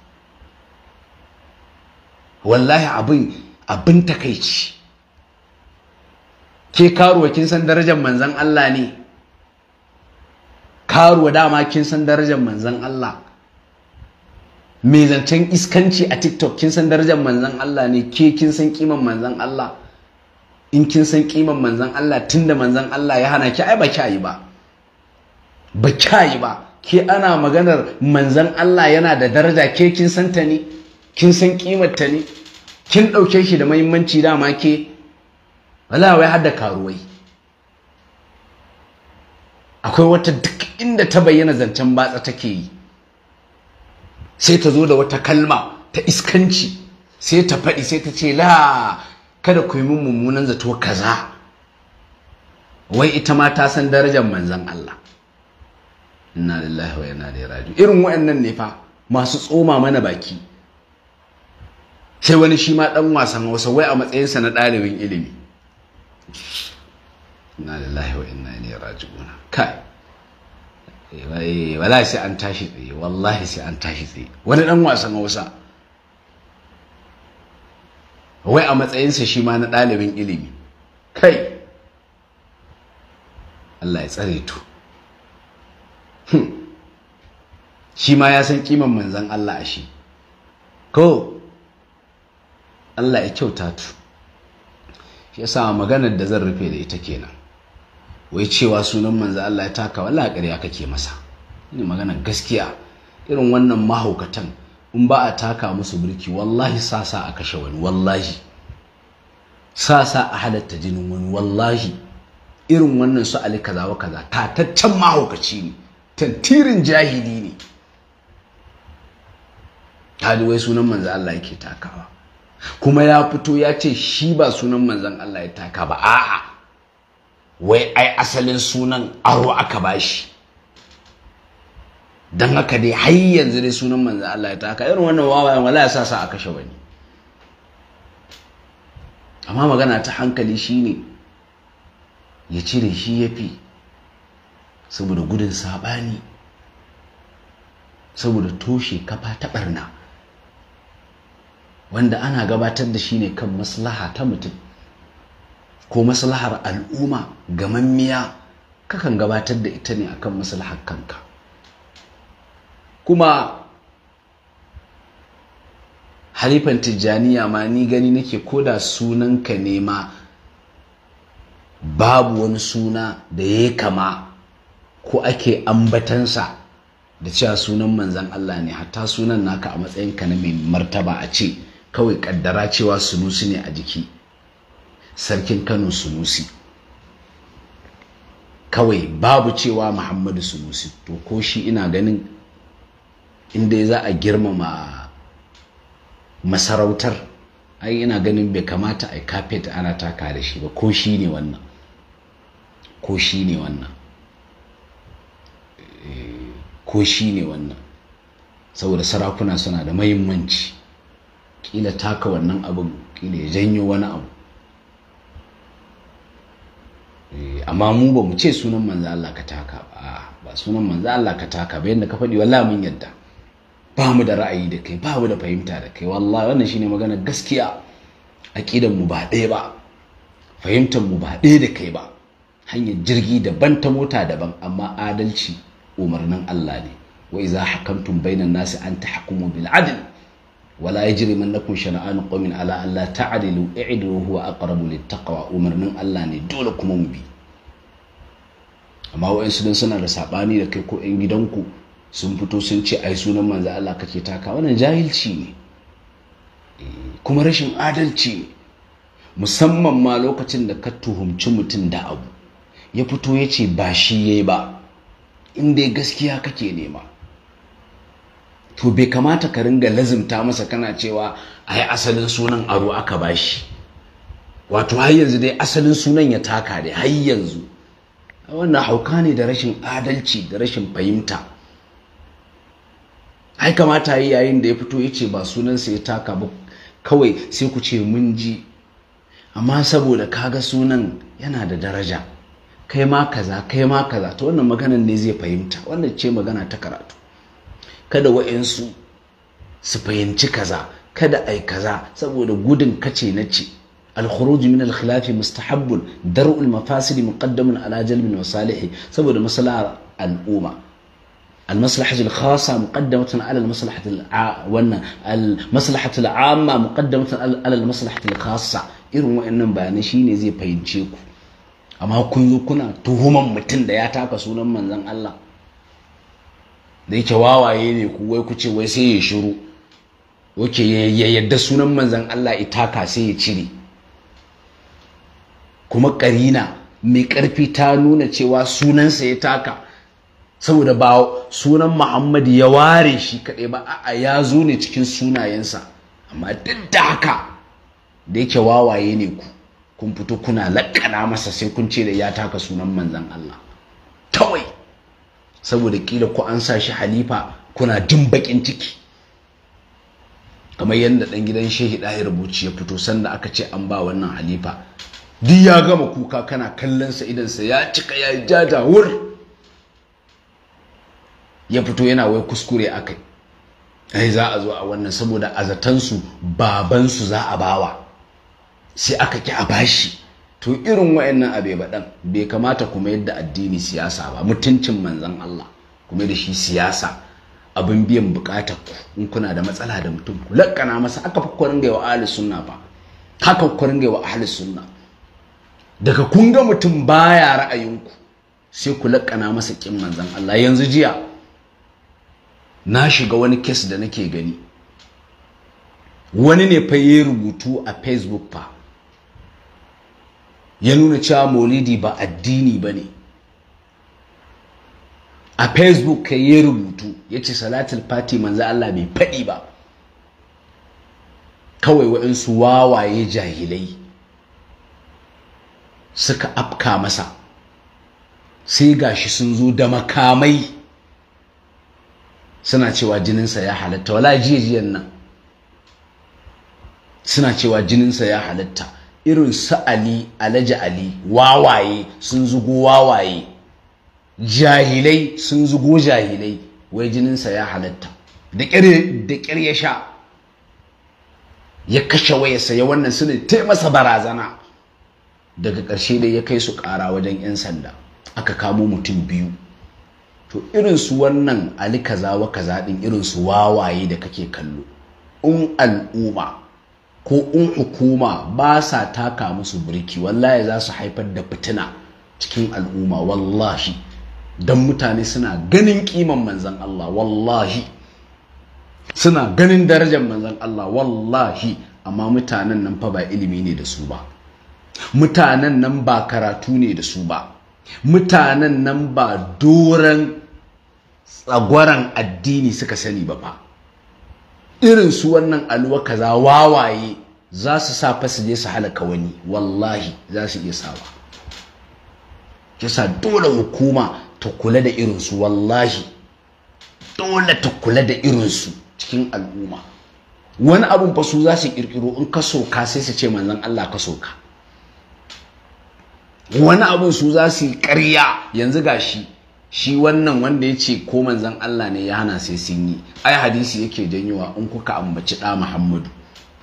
wallahi abin abin takaici ke karuwa kin san darajar manzan Allah ne karuwa dama kin san darajar manzan Allah mai zancen iskanci a tiktok kin san darajar manzan Allah ne ke kin san kiman manzan Allah in kin san kiman manzan Allah tunda manzan Allah ya hana ki ai ba ki yi ba ba ki yi ba ke ana maganar manzan Allah yana da daraja ke kin santa ne kin san kimar ta ne kin ɗauke shi da mahimmanci dama ke wala wai har da karuwai akwai wata duk inda ta bayyana zancen batsa take yi sai ta zo da wata kalma ta iskanci sai ta faɗi sai ta ce la kada ku yi min mummunan zato kaza wai ita ma ta san darajar manzon Allah inna lillahi wa inna ilaihi raji'un irin waɗannan ne fa masu tsoma mana baki sai wani shi ma dan wasan hausa wai a matsayinsa na ɗalibin ilimi na lillahi wa inna ilaihi raji'un kai wallahi sai an tashi tsaye wallahi sai an tashi tsaye wani dan wasan hausa wai a matsayinsa shi ma na ɗalibin ilimi kai Allah ya tsare tu hm. shi ma ya san kiman manzan Allah a shi ko Allah ya kyauta tu shi yasa maganar da zan rufe da ita kenan wai cewa sunan manzo Allah ya taka wallahi ƙarya kake masa ina maganar gaskiya irin wannan mahaukatan in ba a taka musu birki wallahi sasa a kashe wani wallahi sasa a halatta jinin wani wallahi irin wannan su ali kaza wa kaza tataccen mahaukaci ne tantirin jahili ne ta wai sunan manzo Allah yake takawa kuma ya fito ya ce shi ba sunan manzon Allah ya taka ba a'a wai ai asalin sunan aro aka bashi dan haka dai har yanzu dai sunan manzon Allah ya taka irin wannan wawayen wala ya sa sa a kashe wani. amma magana ta hankali shine ya cire shi yafi saboda gudun sabani saboda toshe kafa ta barna wanda ana gabatar da shi ne kan maslaha ta mutum ko maslahar al'umma gamammiya kakan gabatar da ita ne akan maslahar kanka kuma halifan tijjaniya ma ni gani nake koda sunanka ne ma babu wani suna da ya kama ko ake ambatansa da cewa sunan manzan Allah ne hatta sunan naka a matsayinka na mai martaba a ce kawai kaddara cewa sunusi ne a jiki sarkin kano sunusi kawai babu cewa muhammadu sunusi to ko shi ina ganin inda za a girmama masarautar ai ina ganin bai kamata a kafet ana taka da shi ba ko shi ne wannan ko shi ne wannan eh, ko shi ne wannan saboda sarakuna suna da mahimmanci kila taka wannan abin kila ya janyo wani abu eh, amma mu ba mu ce sunan manzo Allah ka taka ba ba sunan manzo Allah ka taka ba yanda ka faɗi wallahi mun yadda ba mu da ra'ayi da kai ba mu da fahimta da kai wallahi wannan shine magana gaskiya aqidan mu ba ɗaya ba fahimtar mu ba ɗaya da kai ba hanyar jirgi daban ta mota daban amma adalci umarnin Allah ne wa iza hakamtum bainan nasi an tahkumu bil adl wala yajrimannakum shana'an qawmin ala alla ta'dilu i'dilu huwa aqrabu littaqwa umarnin Allah ne dole kuma mu bi amma wa'ansu dan suna da saɓani da kai ko yan gidanku sun fito sun ce ai sunan manzo Allah kake taka wannan jahilci ne kuma rashin adalci ne musamman ma lokacin da ka tuhumci mutum da abu ya fito ya ce ba shi yayi ba inda gaskiya kake nema to bai kamata ka ringa lazimta masa kana cewa a yi asalin sunan aro aka shi wato har yanzu dai asalin sunan ya taka dai har yanzu wannan hauka ne da rashin adalci da rashin fahimta ai kamata yi yayin da ya fito ya ce ba sunansa ya taka ba kawai sai ku ce mun ji amma saboda kaga sunan yana da daraja kai ma kaza kai ma kaza to wannan maganan ne zai fahimta wannan ce magana ta karatu kada wa'insu su fahimci kaza kada ai kaza saboda gudun kace na ce alkhuruj min alkhilaf mustahab dar'u almafasid muqaddam ala jalb almasalih saboda maslahar al'umma المصلحة الخاصة مقدمة على المصلحة الع... ون... المصلحة العامة مقدمة على المصلحة الخاصة إرو إن بانشين زي بينشيكو أما كن يكون تهمم متن ديا تاكا سونا من زن الله da yake wawaye ne ku wai ku ce wai sai ya shiru wake ya yadda sunan manzan Allah itaka sai ya cire kuma karina mai ƙarfi ta nuna cewa sunansa ya taka saboda ba sunan Muhammad ya ware shi kaɗai ba a'a ya zo ne cikin sunayensa amma duk da haka da yake wawaye ne ku kun fito kuna laƙana masa sai kun ce da ya taka sunan manzan Allah kawai saboda kila ku an sa shi halifa kuna jin bakin ciki kamar yadda ɗan gidan shehi ɗaya rubuci ya fito sanda aka ce an ba wannan halifa duk ya gama kuka kana kallon sa idan sa ya cika ya ja wur ya fito yana wai kuskure akai ai za a zo a wannan saboda a baban su za a bawa sai aka ki a bashi to irin wayannan abe baɗan bai kamata kuma yadda addini siyasa ba mutuncin manzan Allah kuma da shi siyasa abin biyan bukatar ku in kuna da matsala da mutum ku lakkana masa aka fa kwarin gaiwa ahli sunna ba haka kwarin gaiwa ahli sunna daga kun ga mutum baya ra'ayinku sai ku lakkana masa kin manzan Allah yanzu jiya na shiga wani kes da nake gani wani ne fa yi rubutu a facebook fa ya nuna cewa maulidi ba addini ba ne a facebook ka ya rubutu ya ce salatul fati manzo Allah bai faɗi ba kawai waɗansu wawaye jahilai suka afka masa sai gashi sun zo da makamai suna cewa jininsa ya halatta wala jiya nan suna cewa jininsa ya halatta irin su ali alaji ali wawaye sun zugo wawaye jahilai sun zugo jahilai wai jininsa ya halatta da ƙyar ya sha ya kashe waya ya wannan su ne taimasa barazana daga ƙarshe dai ya kai su ƙara wajen 'yan sanda aka kamo mutum biyu to irinsu wannan ali kaza wa kaza ɗin su wawaye da kake kallo in um al'umma ko in hukuma ba sa taka musu birki wallahi za su haifar da fitina cikin al'umma wallahi don mutane suna ganin kiman manzan Allah wallahi suna ganin darajar manzan Allah wallahi amma mutanen nan fa ba ilimi ne da su ba mutanen nan ba karatu ne da su ba mutanen nan ba doron tsagwaran addini suka sani ba fa irin su wannan alwa kaza wawaye za su sa fa je su halaka wani wallahi za su iya sawa kisa dole hukuma ta kula da irinsu wallahi dole ta kula da irinsu cikin al'umma wani abun fa za su kirkiro in ka soka sai su ce manzan Allah ka soka wani abun su za su yi ƙarya yanzu ga shi shi wannan wanda ya ce ko manzan Allah ne ya hana sai sun yi ai hadisi yake janyowa in kuka ambaci da Muhammadu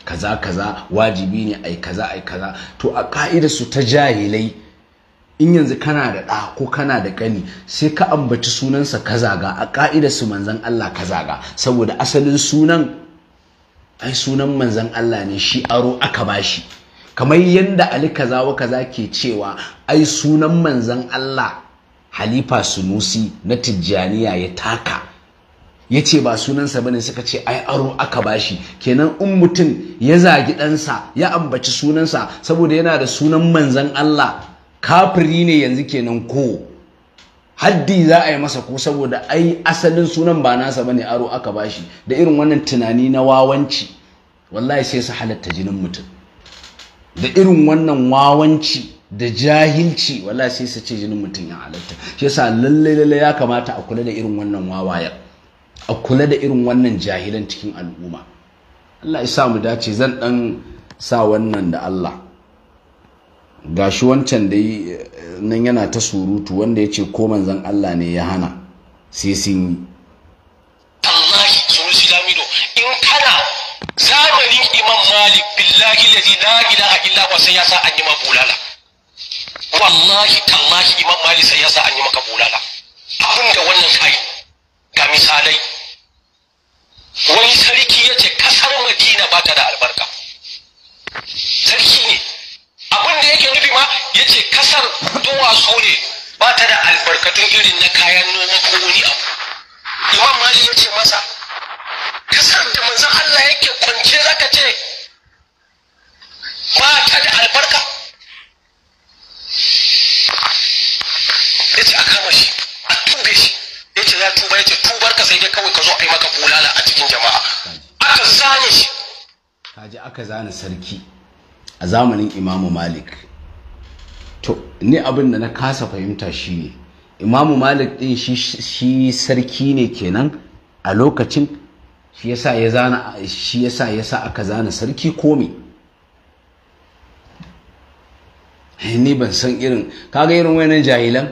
kaza kaza wajibi ne ai kaza ai kaza to a ka'idar su ta jahilai in yanzu kana da ɗa ko kana da ƙani sai ka ambaci sunansa ga a ka'idar su manzan Allah kaza ga saboda asalin sunan ai sunan manzan Allah ne shi aro aka bashi kamar yadda Ali kaza wa kaza ke cewa ai sunan manzan Allah Halifa Sunusi na Tijjaniya ya taka ya ce ba sunansa bane suka ce ai aro aka bashi kenan in mutum ya zagi ɗansa ya ambaci sunansa saboda yana da sunan manzan Allah kafiri ne yanzu kenan ko haddi za a yi masa ko saboda ai asalin sunan ba nasa bane aro aka bashi da irin wannan tunani na wawanci wallahi sai su halatta jinin mutum da irin wannan wawanci da jahilci wallahi sai su ce jinin mutum ya halatta shi yasa lalle lalle ya kamata a kula da irin wannan wawayar a kula da irin wannan jahilan cikin al'umma Allah ya sa mu dace zan dan sa wannan da Allah gashi wancan da eh, nan yana ta surutu wanda ya ce ko manzan Allah ne ya hana sai sun yi lamido in kana zamanin imam malik billahi lazi la ilaha illa wa sai ya sa an yi ma bulala wallahi tallahi imam malik sai ya sa an yi maka bulala abinda wannan kai ga misalai wani sarki ya ce kasar madina ba ta da albarka sarki ne abin yake nufi ma ya ce kasar duwatsu ne ba ta da albarkatun irin na kayan noma ko wani abu imam mali ya ce masa kasar da manzan allah yake kwance zaka ce ba ta da albarka ya ce a kama shi ce ya tuba ya ce tubar ka sai dai kawai ka zo a yi maka bulala a cikin jama'a aka zane shi kaji aka zane sarki a zamanin imamu malik to ni abin da na kasa fahimta shi ne imamu malik din shi sarki ne kenan a lokacin shi yasa ya zana shi yasa yasa aka zana sarki komi eh, ni ban san irin kaga irin wayannan jahilan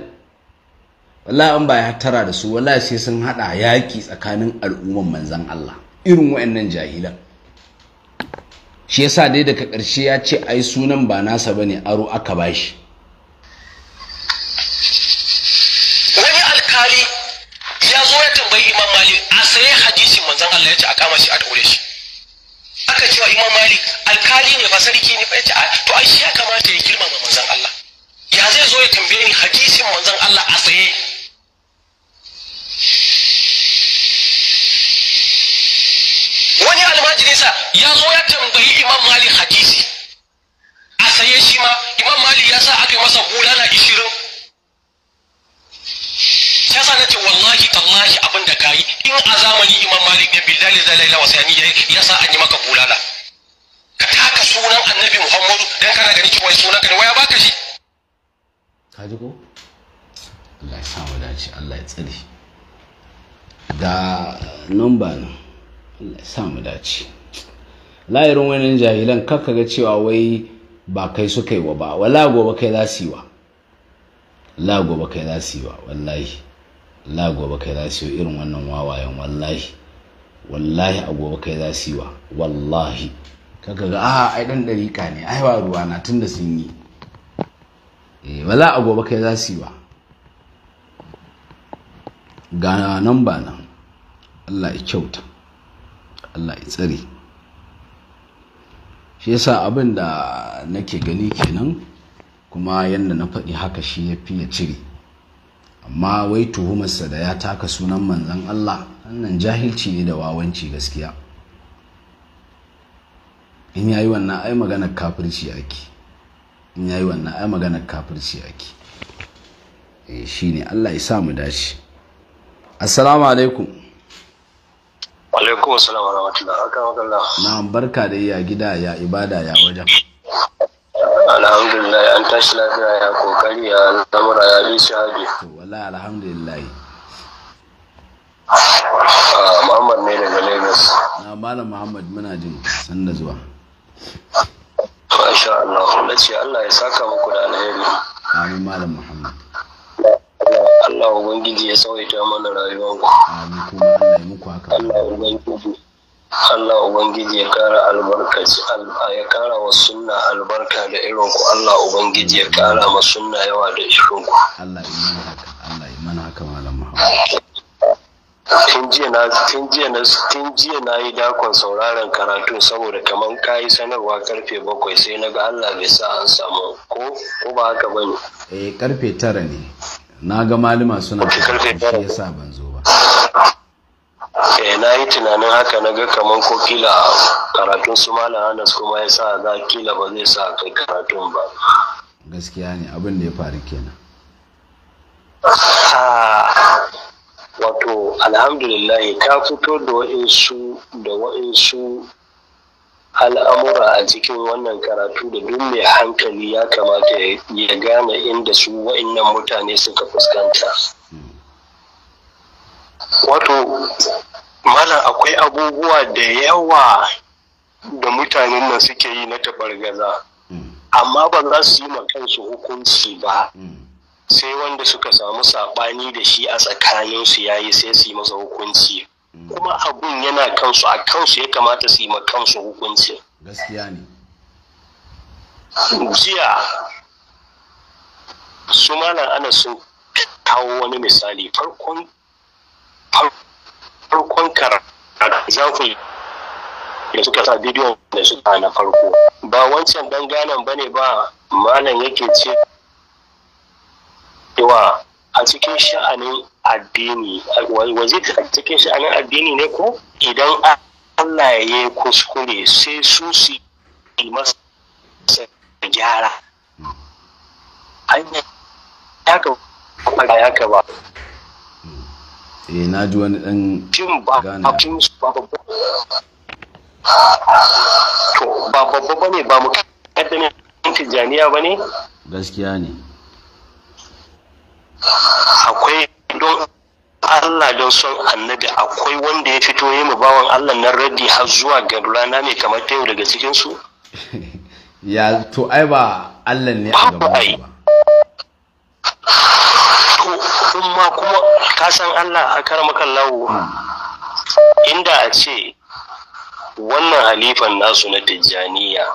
wallahi an ba ya tara da su wallahi sai sun hada yaki tsakanin al'umman manzan Allah irin wayannan jahilan shi yasa dai daga ƙarshe ya ce ai sunan ba nasa bane aro aka bashi wani alkali ya zo ya tambayi imam malik a saye hadisi manzan Allah ya ce a kama shi a daure shi aka cewa imam malik alkali ne ba sarki ne ba ya ce to ai shi ya kamata ya girmama manzan Allah ya zai zo ya tambaye ni hadisin manzan Allah a tsaye ya zo ya tambayi imam malik hadisi a saye shi ma imam malik ya sa aka yi masa hulala ishirin sai sa na ce wallahi tallahi abin da kayi in a zamani imam malik ne billahi zalai wasu, wasani ya sa an yi maka hulala ka taka sunan annabi muhammadu dan kana gani cewa sunan ka ne waya baka shi ka ji ko Allah ya samu dace Allah ya tsare da nan nan Allah ya samu dace layirin wani jahilan kakka ga cewa wai ba kai suka yi wa ba wala gobe kai za su yi wa la gobe kai za su yi wa wallahi la gobe kai za su yi irin wannan wawayen wallahi wallahi a gobe kai za su yi wa wallahi kaka ga a ah, ai dan dariƙa ne ai ba ruwa na tun da sun yi Eh, wala a gobe kai za su yi wa ga nan ba nan Allah ya kyauta Allah ya tsare shi yasa abin da nake gani kenan kuma yadda na faɗi haka shi ya fi ya cire amma wai tuhumarsa da ya taka sunan manzan Allah wannan jahilci ne da wawanci gaskiya in yayi wannan ai maganar kafirci ake in yayi wannan ai maganar kafirci ake eh shine Allah ya sa mu dace assalamu alaikum alaikum assalam wa rahmatullah aka na'am barka da ya gida ya ibada ya wajen alhamdulillah an tashi lafiya ya kokari ya lamura ya bi shahadi to wala alhamdulillah ah, Muhammad ne daga Lagos. Na Malam Muhammad muna jin sanda zuwa. Masha Allah, Allah ya saka muku da alheri. Amin Malam Muhammad. Allah ubangiji ya tsawaita mana rayuwar Allah ubangiji ya kara albarkaci ya kara wa sunna albarka da irin ku Allah ubangiji ya kara ma sunna yawa da irin ku Allah ya mana haka malam Muhammad tun jiya na na yi dakon sauraron karatu saboda kaman kai sanarwa karfe 7 sai naga Allah bai sa an samu ko ko ba haka bane eh karfe 9 ne na ga malima suna shi yasa ban zo ba eh na yi tunanin haka na ga kaman ko kila karatun su malam Anas kuma ya sa za kila ba zai sa kai karatun ba gaskiya ne abin da ya faru kenan ah, wato alhamdulillah ka fito da wa'insu da wa'insu al'amura a cikin wannan karatu da duk mai hankali ya kamata ya gane inda su wa'innan mutane suka fuskanta wato mana akwai abubuwa da yawa da mutanen nan suke yi na tabargaza amma ba za su yi kansu hukunci ba sai wanda suka samu saɓani da shi a tsakaninsu ya yi sai su yi masa hukunci kuma abun yana kansu a kansu ya kamata su yi ma kansu hukunci gaskiya ne jiya su malam ana sun kawo wani misali farkon farkon karatu za ku da suka sa bidiyon da suka na farko ba wancan dan ganan ba ne ba malam yake ce cewa a cikin sha'anin addini a cikin anan addini ne ko idan Allah ya yi kuskure sai su su yi masa gyara hanyar haka ya haka ba eh na ji wani dan gana to ba babba ne ba mu yadda ne ba ne. gaskiya ne akwai don Allah don son annabi akwai wanda ya fito yi mu bawan Allah nan raddi har zuwa ga rana ne kamar ta yau daga cikin su ya to ai ba Allah ne a gaba ba kuma kuma ka san Allah a karamakan lawo hmm. inda a ce wannan halifan nasu na tijjaniya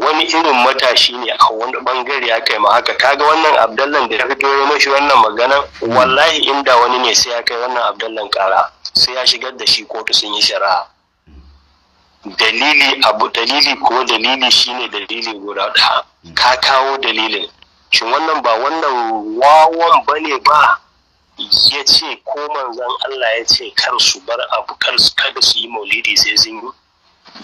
wani irin matashi ne a wani bangare ya kai ma haka kaga wannan abdallan da ya fito mashi wannan magana wallahi inda wani ne sai ya kai wannan abdallan kara sai ya shigar da shi kotu sun yi shari'a dalili abu dalili ko dalili shine dalili guda ɗaya. ka kawo dalilin shin wannan ba wannan wawan bane ba ya ce ko manzon Allah ya ce kar su bar abu kar kada su yi maulidi sai sun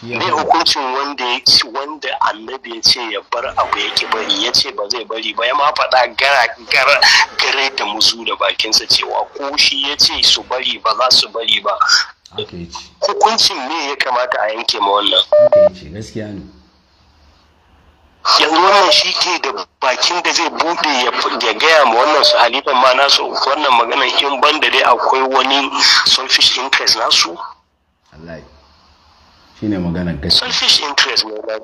yi ne hukuncin wanda ya ci wanda annabi ya ce ya bar abu ya ki bari ya ce ba zai bari ba ya ma faɗa gara gare da muzu da bakinsa cewa ko shi ya ce su bari ba za su bari ba hukuncin ne ya kamata a yanke ma wannan gaskiya yanzu wannan shi ke da bakin da zai bude ya gaya ma wannan su halifan ma nasu wannan magana in ban da dai akwai wani selfish interest nasu Allah shine maganar gaskiya selfish interest ne ba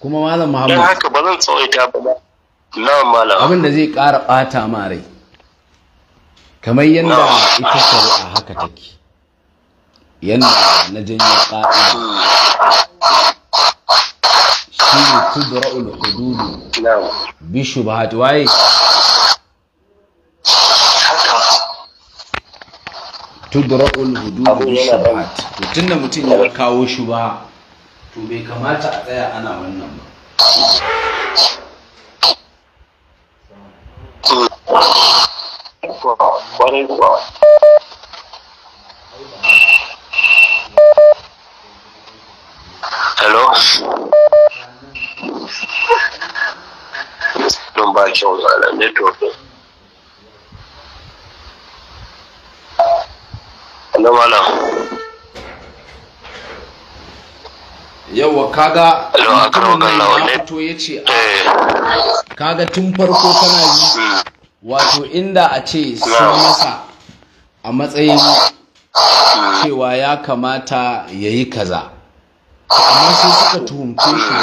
kuma malam Muhammad dan haka ba zan tsawaita ba na malam abin da zai ƙara bata ma rai kamar yadda ita shari'a haka take yadda na janyo ƙa'ida shine tubra'ul hududu bi shubahat waye tudra'ul hududu bi shubahat to tunda mutum ya kawo shuba to bai kamata a tsaya ana wannan ba Hello? don ba kyau network din na mana yawa kaga wato ya ce ah, eh. kaga tun farko kana yi hmm. wato inda a ce sun masa a matsayin hmm. cewa ya kamata ya yi kaza amma sai suka tuhumce shi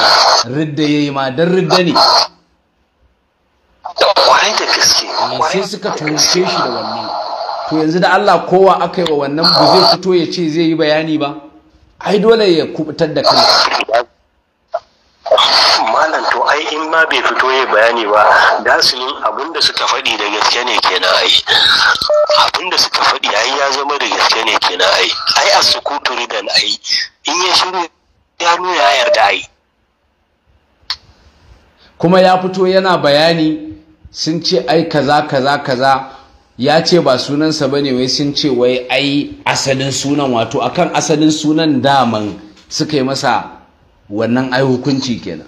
ridda ya yi ma don ridda ne kwarai da gaske eh, sai suka tuhume shi da wannan to yanzu da Allah kowa aka yi wa wannan ba zai fito ya ce zai yi bayani ba ai dole ya kubutar da kansa malam to ai in ma bai fito ya bayani ba da su ne abinda suka faɗi da gaske ne kenan ai abinda suka faɗi ai ya zama da gaske ne kenan ai ai a sukutu ridan ai in ya shiru ya nuna ya yarda ai kuma ya fito yana bayani sun ce ai kaza kaza kaza ya ce ba sunansa ba ne wai sun ce wai ai asalin sunan wato akan asalin sunan daman suka yi masa wannan ai hukunci kenan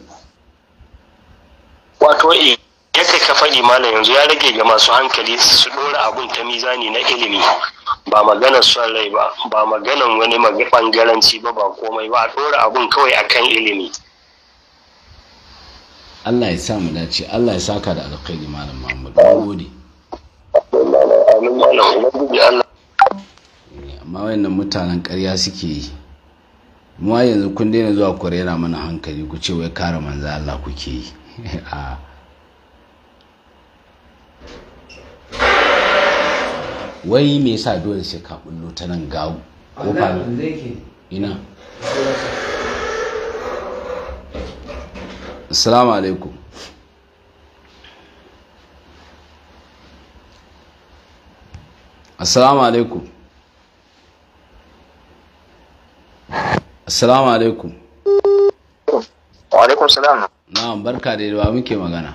wato eh yadda ka faɗi malam yanzu ya rage ga masu hankali su ɗora abun ta mizani na ilimi ba maganar son rai ba ba maganar wani bangaranci ba ba komai ba a ɗora abun kawai akan ilimi Allah ya sa mu dace Allah ya saka da alkhairi malam Muhammad gode amma wayannan mutanen ƙarya suke yi mu yanzu kun daina zuwa ku rera mana hankali ku ce wai kare manzo Allah kuke yi wai me yasa dole sai ka bullo ta nan gawo ko ina assalamu alaikum assalamu alaikum assalamu alaikum wa alaikum salam na'am barka da ba muke magana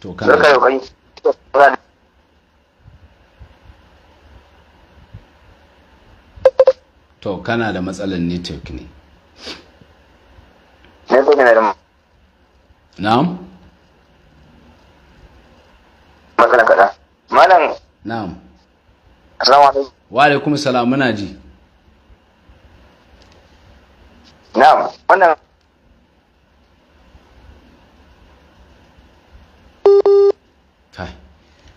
to kana da to kana da matsalar network ne na'am matsala kada malam na'am wa alaikum salam muna ji na'am wannan kai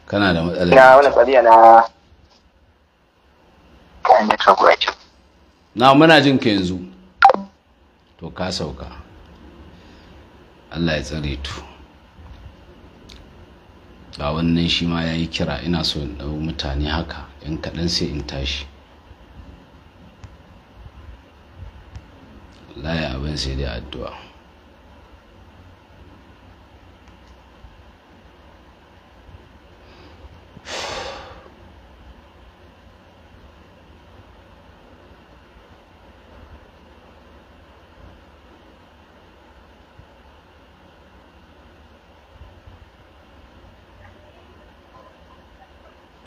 kana da matsalar na wannan tsariya na kan network right na muna jin ka yanzu to ka sauka Allah ya tsare tu ga wannan shi ma ya yi kira ina so in ɗau mutane haka in kaɗan sai in tashi wallahi abin sai dai addu'a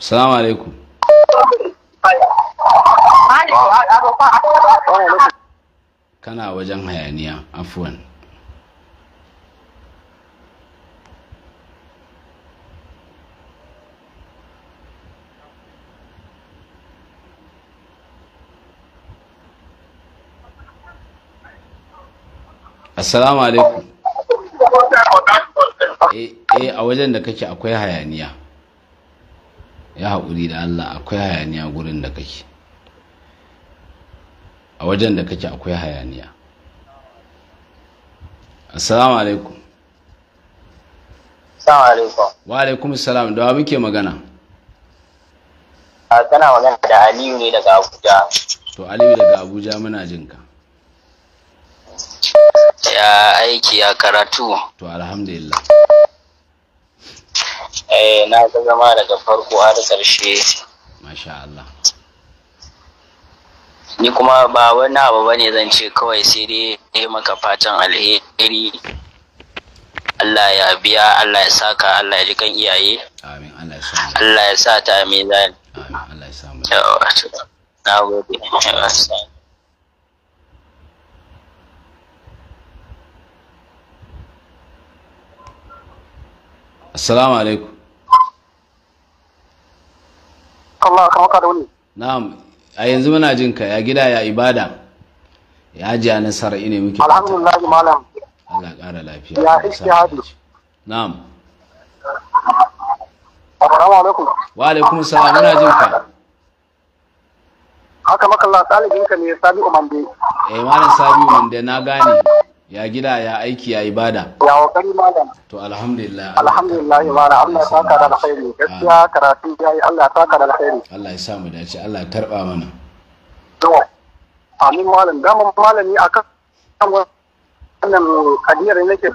salamu alaikum kana wajen hayaniya afuwan assalamu alaikum eh, eh a wajen da kake akwai hayaniya ya haƙuri da Allah akwai hayaniya gurin da kake a wajen da kake akwai hayaniya assalamu alaikum assalamu alaikum wa alaikum assalam da wa muke magana a kana magana da aliyu ne daga abuja to aliyu daga abuja muna jinka ya aiki ya karatu to alhamdulillah eh na ga zama daga farko har ƙarshe masha Allah ni kuma ba wani abu bane zan ce kawai sai dai maka fatan alheri Allah ya biya Allah ya saka Allah ya ji kan iyaye amin Allah ya sa ta ya sa ta mizan amin Allah ya sa mu na gode Assalamu alaikum Allah ka da wani na'am a yanzu muna jin ya gida ya ibada ya ji muke alhamdulillah malam Allah ƙara ya ishtihadi na'am assalamu alaikum wa alaikum salam muna jin ka haka ɗalibinka ne Sabi'u Mande eh malam Sabi'u Mande na gane ya gida ya aiki ya ibada ya wakari malam to alhamdulillah alhamdulillah ibada Allah ya saka da alkhairi gaskiya karatu yayi Allah ya saka da alkhairi Allah ya sa mu dace Allah ya tarba mana to amin malam da mun malami akan wannan kadiyar nake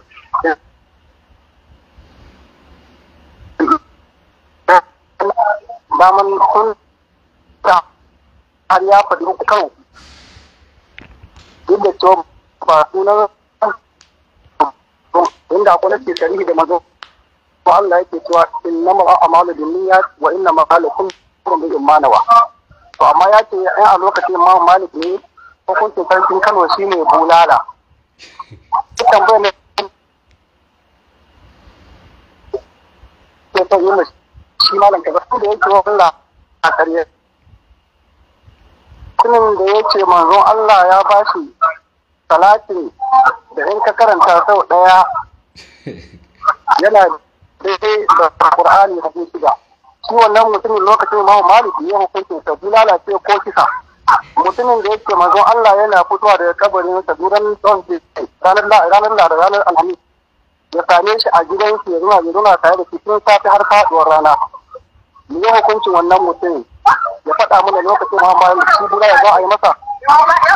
da mun kun ta har ya faɗi kan duk da cewa ba sunan inda na nake sharihi da mazo ko Allah yake cewa ma a'malu binniyat wa ma lakum kullu bi imanawa to amma ya ce ai a lokacin ma maliki ne ko hukuncin sarkin Kano shine bulala ba ne to son yi mashi shi malam kaza da yake wannan a karye kunin da ya ce manzon Allah ya bashi talatin da in ka karanta sau ɗaya yana daidai da qur'ani hadisi ba shi wannan mutumin lokacin imamu maliki ya hukunce ta lalace ko kisa mutumin da yake mazo Allah yana fitowa daga kabarin sa duran don ranar ranar da ranar alhamis ya same shi a gidan shi ya zuna ya zuna tare da cikin safi har faduwar rana mu yi hukuncin wannan mutumin ya faɗa mana lokacin imamu maliki shi ya za a yi masa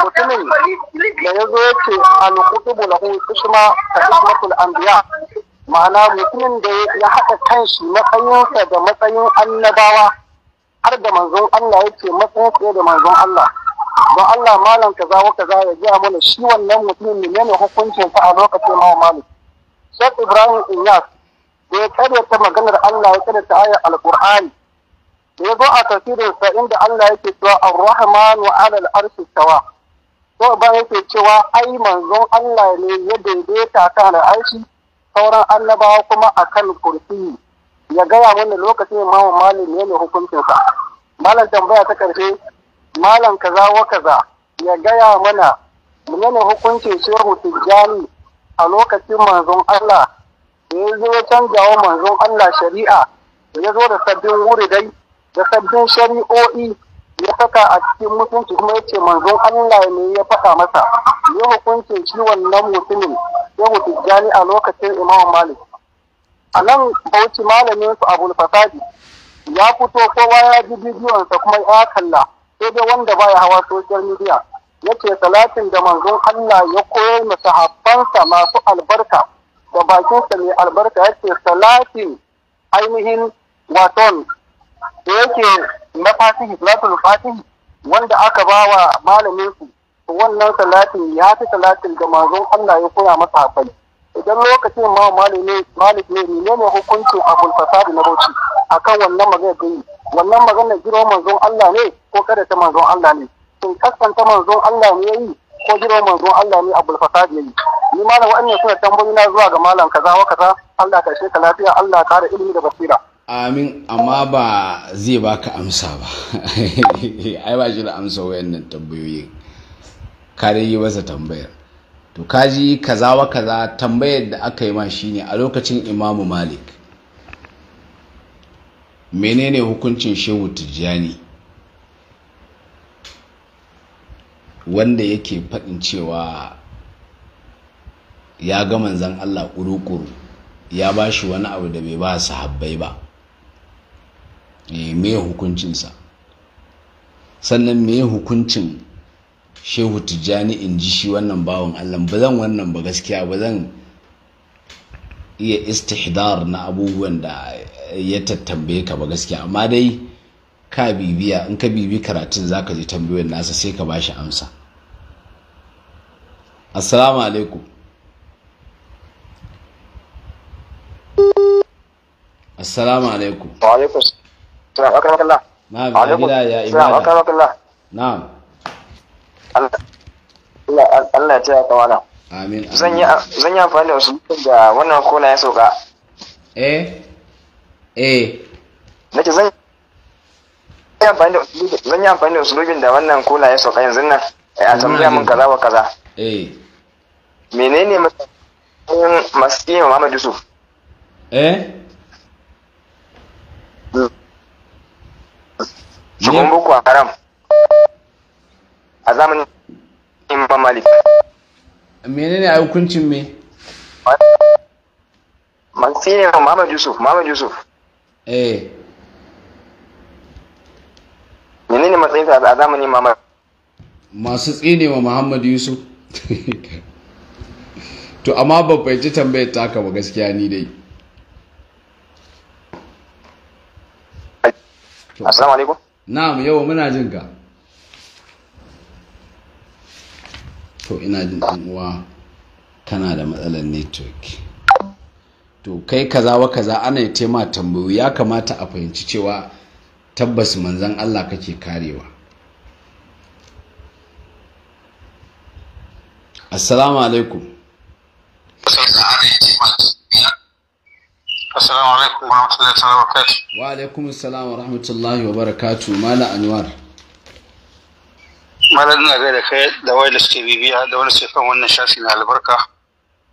mutumin da ya zo yake alkutubu lahu kushma ta kushmatul anbiya ma'ana mutumin da ya haɗa kanshi matsayinsa da matsayin annabawa har da manzon Allah yake matsayin tsaye da manzon Allah don Allah malam kaza wa kaza ya gaya mana shi wannan mutumin menene hukuncin sa a lokacin ma malam Sheikh Ibrahim Inyas da ya ta maganar Allah ya ta ayar Alƙur'ani ya zo a tafsirinsa inda Allah yake cewa ar-rahman wa alal arshi tawa to ba yake cewa ai manzon Allah ne ya daidaita ta da arshi sauran annabawa kuma akan kursi ya gaya mana lokacin imamu malik ne ne hukuncinsa malam tambaya ta karshe malam kaza wa kaza ya gaya mana menene hukuncin shehu tijjani a lokacin manzon Allah da ya zo ya manzon Allah shari'a da ya zo da sabbin wuri dai. da sabbin shari'o'i ya saka a cikin mutunci kuma ya ce manzon Allah ne ya faɗa masa ya hukunce shi wannan mutumin ya hutujjani a lokacin Imam Malik a nan bauchi malamin su AbulFasadi Fasadi ya fito kowa ya ji bidiyonsa kuma ya kalla sai dai wanda ba ya hawa social media ya ce salatin da manzon Allah ya koyar ma sahabbansa masu albarka da bakinsa mai albarka ya ce salatin ainihin waton da yake na fatihi salatul fatihi wanda aka wa malamin su wannan salatin ya fi salatin da manzon Allah ya koya masa hafai idan lokacin ma malami malik ne ne ne hukuncin abul na bauchi akan wannan magana da yi wannan magana jiro manzon Allah ne ko kada ta manzon Allah ne shin kaskanta manzon Allah ne yayi ko jiro manzon Allah ne abul fasadi yayi ni malam wa'annan suna tambayi na zuwa ga malam kaza wa kaza Allah ka ka lafiya Allah ka kara ilimi da basira amin amma ba zai baka amsa ba ai ba shi da amsa wayannan tambayoyin ka dai yi masa tambayar to kaji kaza wa kaza tambayar da aka yi ma shine a lokacin imamu malik menene hukuncin shehu tijjani wanda yake faɗin cewa ya ga manzan allah ƙuruƙuru ya ba shi wani abu da bai ba sahabbai ba Eh, me hukuncinsa sannan me hukuncin shehu tijjani in ji shi wannan bawan allah ba zan wannan ba gaskiya ba zan iya istihdar na abubuwan da ya tattambe ka ba gaskiya amma dai ka bibiya in ka bibi karatun za ka ji tambayoyin nasa sai ka ba shi amsa assalamu alaikum assalamu alaikum Na'am akramaka Allah. gida ya ibada. Allah. ya taya kawala. Zan yi amfani da zan usulubin da wannan kula eh? eh. ya sauka yanzu nan eh, a mun kaza wa kaza eh menene matsayin masu iya Muhammad Yusuf eh mm. domin boko haram a zamanin imam malik menene a hukuncin me man sai Muhammad Yusuf Muhammad Yusuf eh menene matsayin sa a zamanin Muhammad masu tsine wa Muhammad Yusuf to amma ba fahimci tambayar taka ba gaskiya ni dai assalamu alaikum na'am yau muna jin ka to ina jin uwa tana da matsalar network to kai kaza wa kaza ana yi tema tambayoyi ya kamata a fahimci cewa tabbas manzan Allah kake karewa assalamu alaikum Assalamu alaikum wa rahmatullahi wa alaikum assalam wa rahmatullahi wa barakatu Mala Anwar. Mala ina ga da kai da wai da suke bibiya da wani suke wannan shafi na albarka.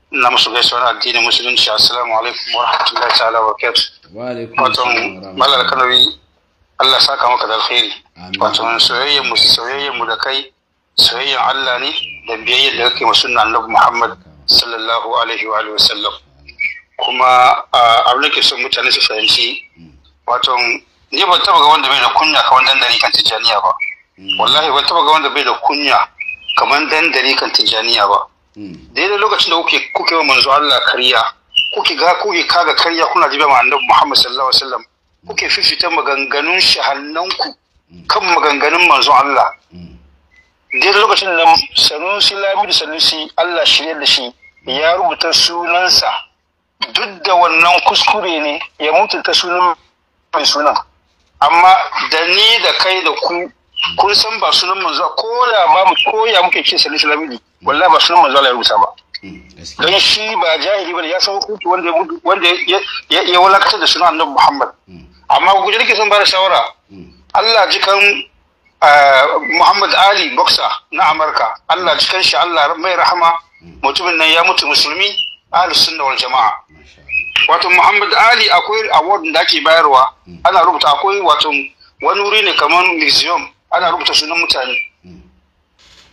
Ina musu gaisuwar addinin musulunci. Assalamu alaikum wa rahmatullahi wa barakatu Wa alaikum assalam. Wato Mala Kanawi Allah saka maka da alkhairi. Wato soyayyar mu soyayyar mu da kai soyayyar Allah ne da biyayyar da kake wa sunnan Annabi Muhammad sallallahu alaihi wa alihi wa sallam. kuma abin ne ke son mutane su fahimci wato ni ban taba ga wanda bai da kunya kamar dandali kan tijjaniya ba mm. wallahi ban taba ga wanda bai da kunya kamar dandali kan tijjaniya ba mm. daidai lokacin da kuke kuke manzo Allah kariya kuke ga kuke kaga kariya kuna jibe ma annabi Muhammad sallallahu alaihi wasallam kuke fifita maganganun shahannanku mm. kan maganganun manzo Allah daidai lokacin da Sanusi da Sanusi Allah shirye da shi ya rubuta sunansa duk da wannan kuskure ne ya mutu ta sunan mai sunan amma da ni da kai da ku kun san ba sunan zuwa ko da ba mu koya muke ce sallallahu alaihi wasallam wallahi ba sunan manzo zuwa ya rubuta ba hmm, don shi ba jahili ba ya san hukunci wanda wanda ya walakta da sunan annabi Muhammad hmm. amma ku je nake son ba da shawara hmm. Allah jikan ah, Muhammad Ali boxer na Amurka Allah jikan shi Allah mai rahama mutumin nan ya mutu musulmi ahlus sunna wal jama'a wato muhammad ali akwai award da ake bayarwa mm. ana rubuta akwai wato wani wuri ne kamar museum ana rubuta sunan mutane mm.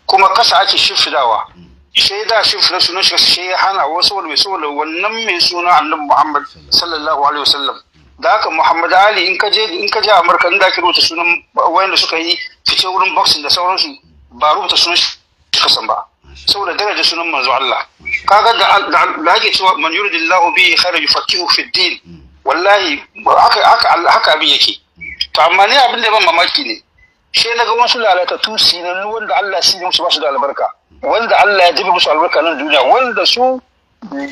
kuma kasa ake shimfidawa mm. sai da shimfida sunan shi sai ya hana wasu saboda saboda wannan mai suna annabi muhammad sallallahu alaihi wasallam da haka muhammad ali in ka je in ka je amurka inda ake rubuta sunan wayanda suka yi fice wurin boxing da sauransu ba rubuta sunan shi kasan ba saboda daraja sunan manzo Allah kaga da da ake cewa man yuridillahu bihi khairan yufaqihu fi din wallahi haka haka haka abin yake to amma ne abin da ban mamaki ne she ga wasu tun sinan wanda Allah sinin musu ba su da albarka wanda Allah ya jibi musu albarka nan duniya wanda su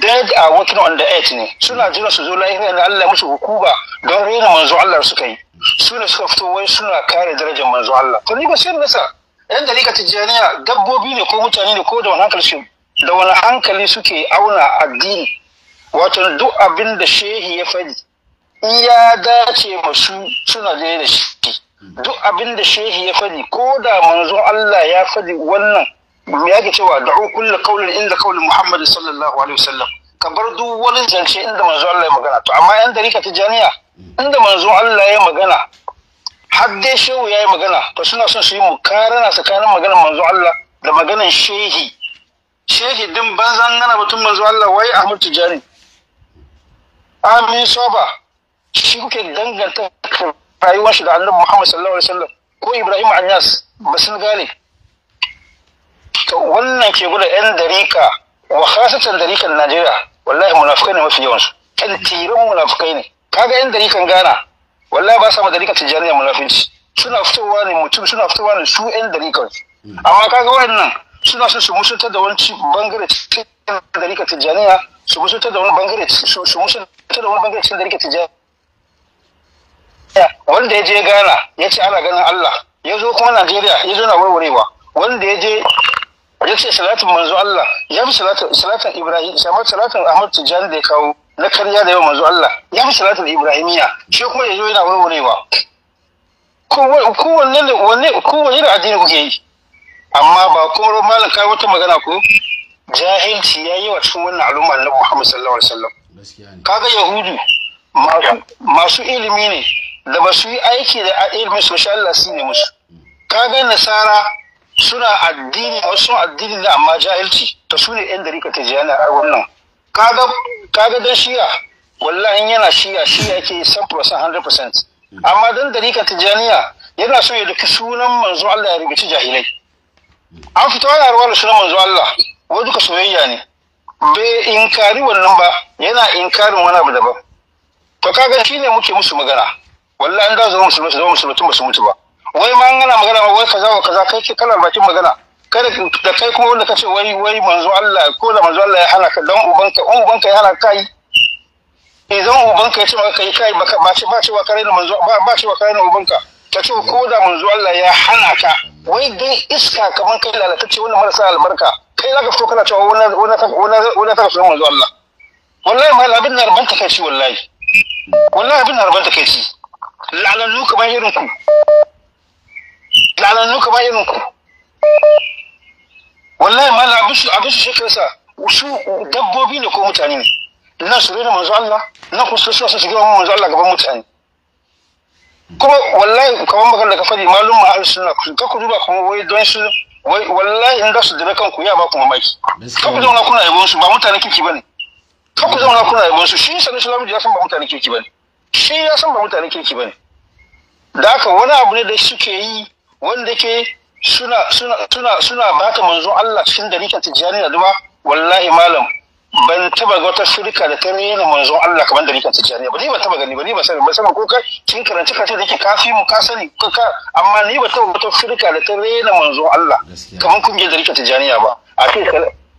dead a working on the earth ne suna jira su zo lahira da Allah musu hukuba don rena manzo Allah suka yi suna suka fito wai suna kare darajar manzo Allah to ni ba sai nasa yan dalika tijjaniya dabbobi ne ko mutane ne ko da wani hankali su da wani hankali suke auna addini wato duk abin da shehi ya fadi in ya dace masu suna da da shi duk abin da shehi ya fadi ko da manzo Allah ya fadi wannan ya ga cewa da'u kullu qawlin inda qawli Muhammad sallallahu alaihi wasallam ka bar duk wani zance inda manzo Allah ya magana to amma yan dalika tijjaniya inda manzo Allah ya magana har dai shehu ya yi magana to suna son su yi mukarana tsakanin maganar manzo Allah da maganar shehi shehi din banzan gana batun manzo Allah wai Ahmad Tijani amin soba shi kuke danganta rayuwar shi da annabi Muhammad sallallahu alaihi wasallam ko Ibrahim Anyas ba sun gane to wannan ke gudu yan dariƙa wa khasatan dariƙan Najeriya wallahi munafikai ne mafi yawansu kan tirin munafikai ne kaga yan dariƙan Ghana wallahi ba sa madarika tijjaniya mulafinci suna fitowa ne mutum suna fitowa ne su yan dariƙar mm. amma kaga wannan suna so su musunta da wani bangare cikin dariƙar tijaniya su musunta da wani bangare su musunta da wani bangare cikin dariƙar tijjaniya wanda ya je Ghana ya ce ana ganin Allah ya zo kuma Najeriya ya zo na warwarewa wanda ya je ya ce salatin manzo Allah ya fi salatin Ibrahim salatin Ahmad tijani da ya kawo na karya da yawan manzo Allah ya fi salatul ibrahimiya shi kuma ya zo yana warwarewa kowanne ne wanne kowanne da addini kuke yi amma ba kuma malam kai wata magana ko jahilci ya yi wa cikin wannan al'umma na Muhammad sallallahu alaihi wasallam kaga yahudu masu ilimi ne da ba su yi aiki da ilimin su sha Allah ne musu kaga nasara suna addini wasu addini da amma jahilci to su ne yan dariƙa ta jiyana a wannan kaga kaga dan shiya wallahi yana shiya shiya yake 100% 100% hmm. amma dan dariƙar tijaniya yana so ya duka sunan manzo Allah ya rubuci jahilai an fito ya ruwa da sunan manzo Allah wai duka soyayya ne bai inkari wannan ba yana inkarin wani abu daban to kaga shine muke musu magana wallahi an da zo musulmi su zama musulmi tun ba su mutu ba wai ma an gana magana wai kaza wa kaza kai ke kalar bakin magana kada da kai kuma wanda kace wai wai manzo Allah ko da manzo Allah ya halaka dan ubanka in ubanka ya halaka kai idan eh, ubanka ya ce maka kai kai baka ba ce ba ce wa kare da manzo ba ce wa kare da ubanka ka ce ko da manzo Allah ya hana ka wai dai iska kaman kai lalatacce wannan marasa albarka kai zaka fito kana cewa wani wani wani wannan ta sunan manzo Allah wallahi ma labin na rabanta kai ci wallahi wallahi abin na rabanta kai ci lalannu kamar irin ku lalannu kamar irin ku wallahi mala abin su abin su sa su dabbobi ne ko mutane ne na su rena manzo Allah na ku su su shiga manzo Allah gaban mutane kuma wallahi kaman magan da ka fadi malum ma ahlus sunna ku ka ku duba kuma wai don su wai wallahi in da su da ku ya ba ku mamaki ka ku zauna kuna yabon su ba mutane kiki bane ka ku zauna kuna yabon su shi sanin islamu ya san ba mutane kiki bane shi ya san ba mutane kiki bane da haka wani abu ne da suke yi wanda ke suna suna suna suna baka manzon Allah da dariƙar tijjani da duba wallahi malam ban taba ga wata shirka da ta rena manzon Allah kamar dariƙar tijjani ba ni ba taba gani ba ni ba sani ba sanan ko kai kin karanta kace da ke kafi mu ka sani ko amma ni ba taba wata shirka da ta rena manzon Allah kamar kun je dariƙar tijjani ba a kai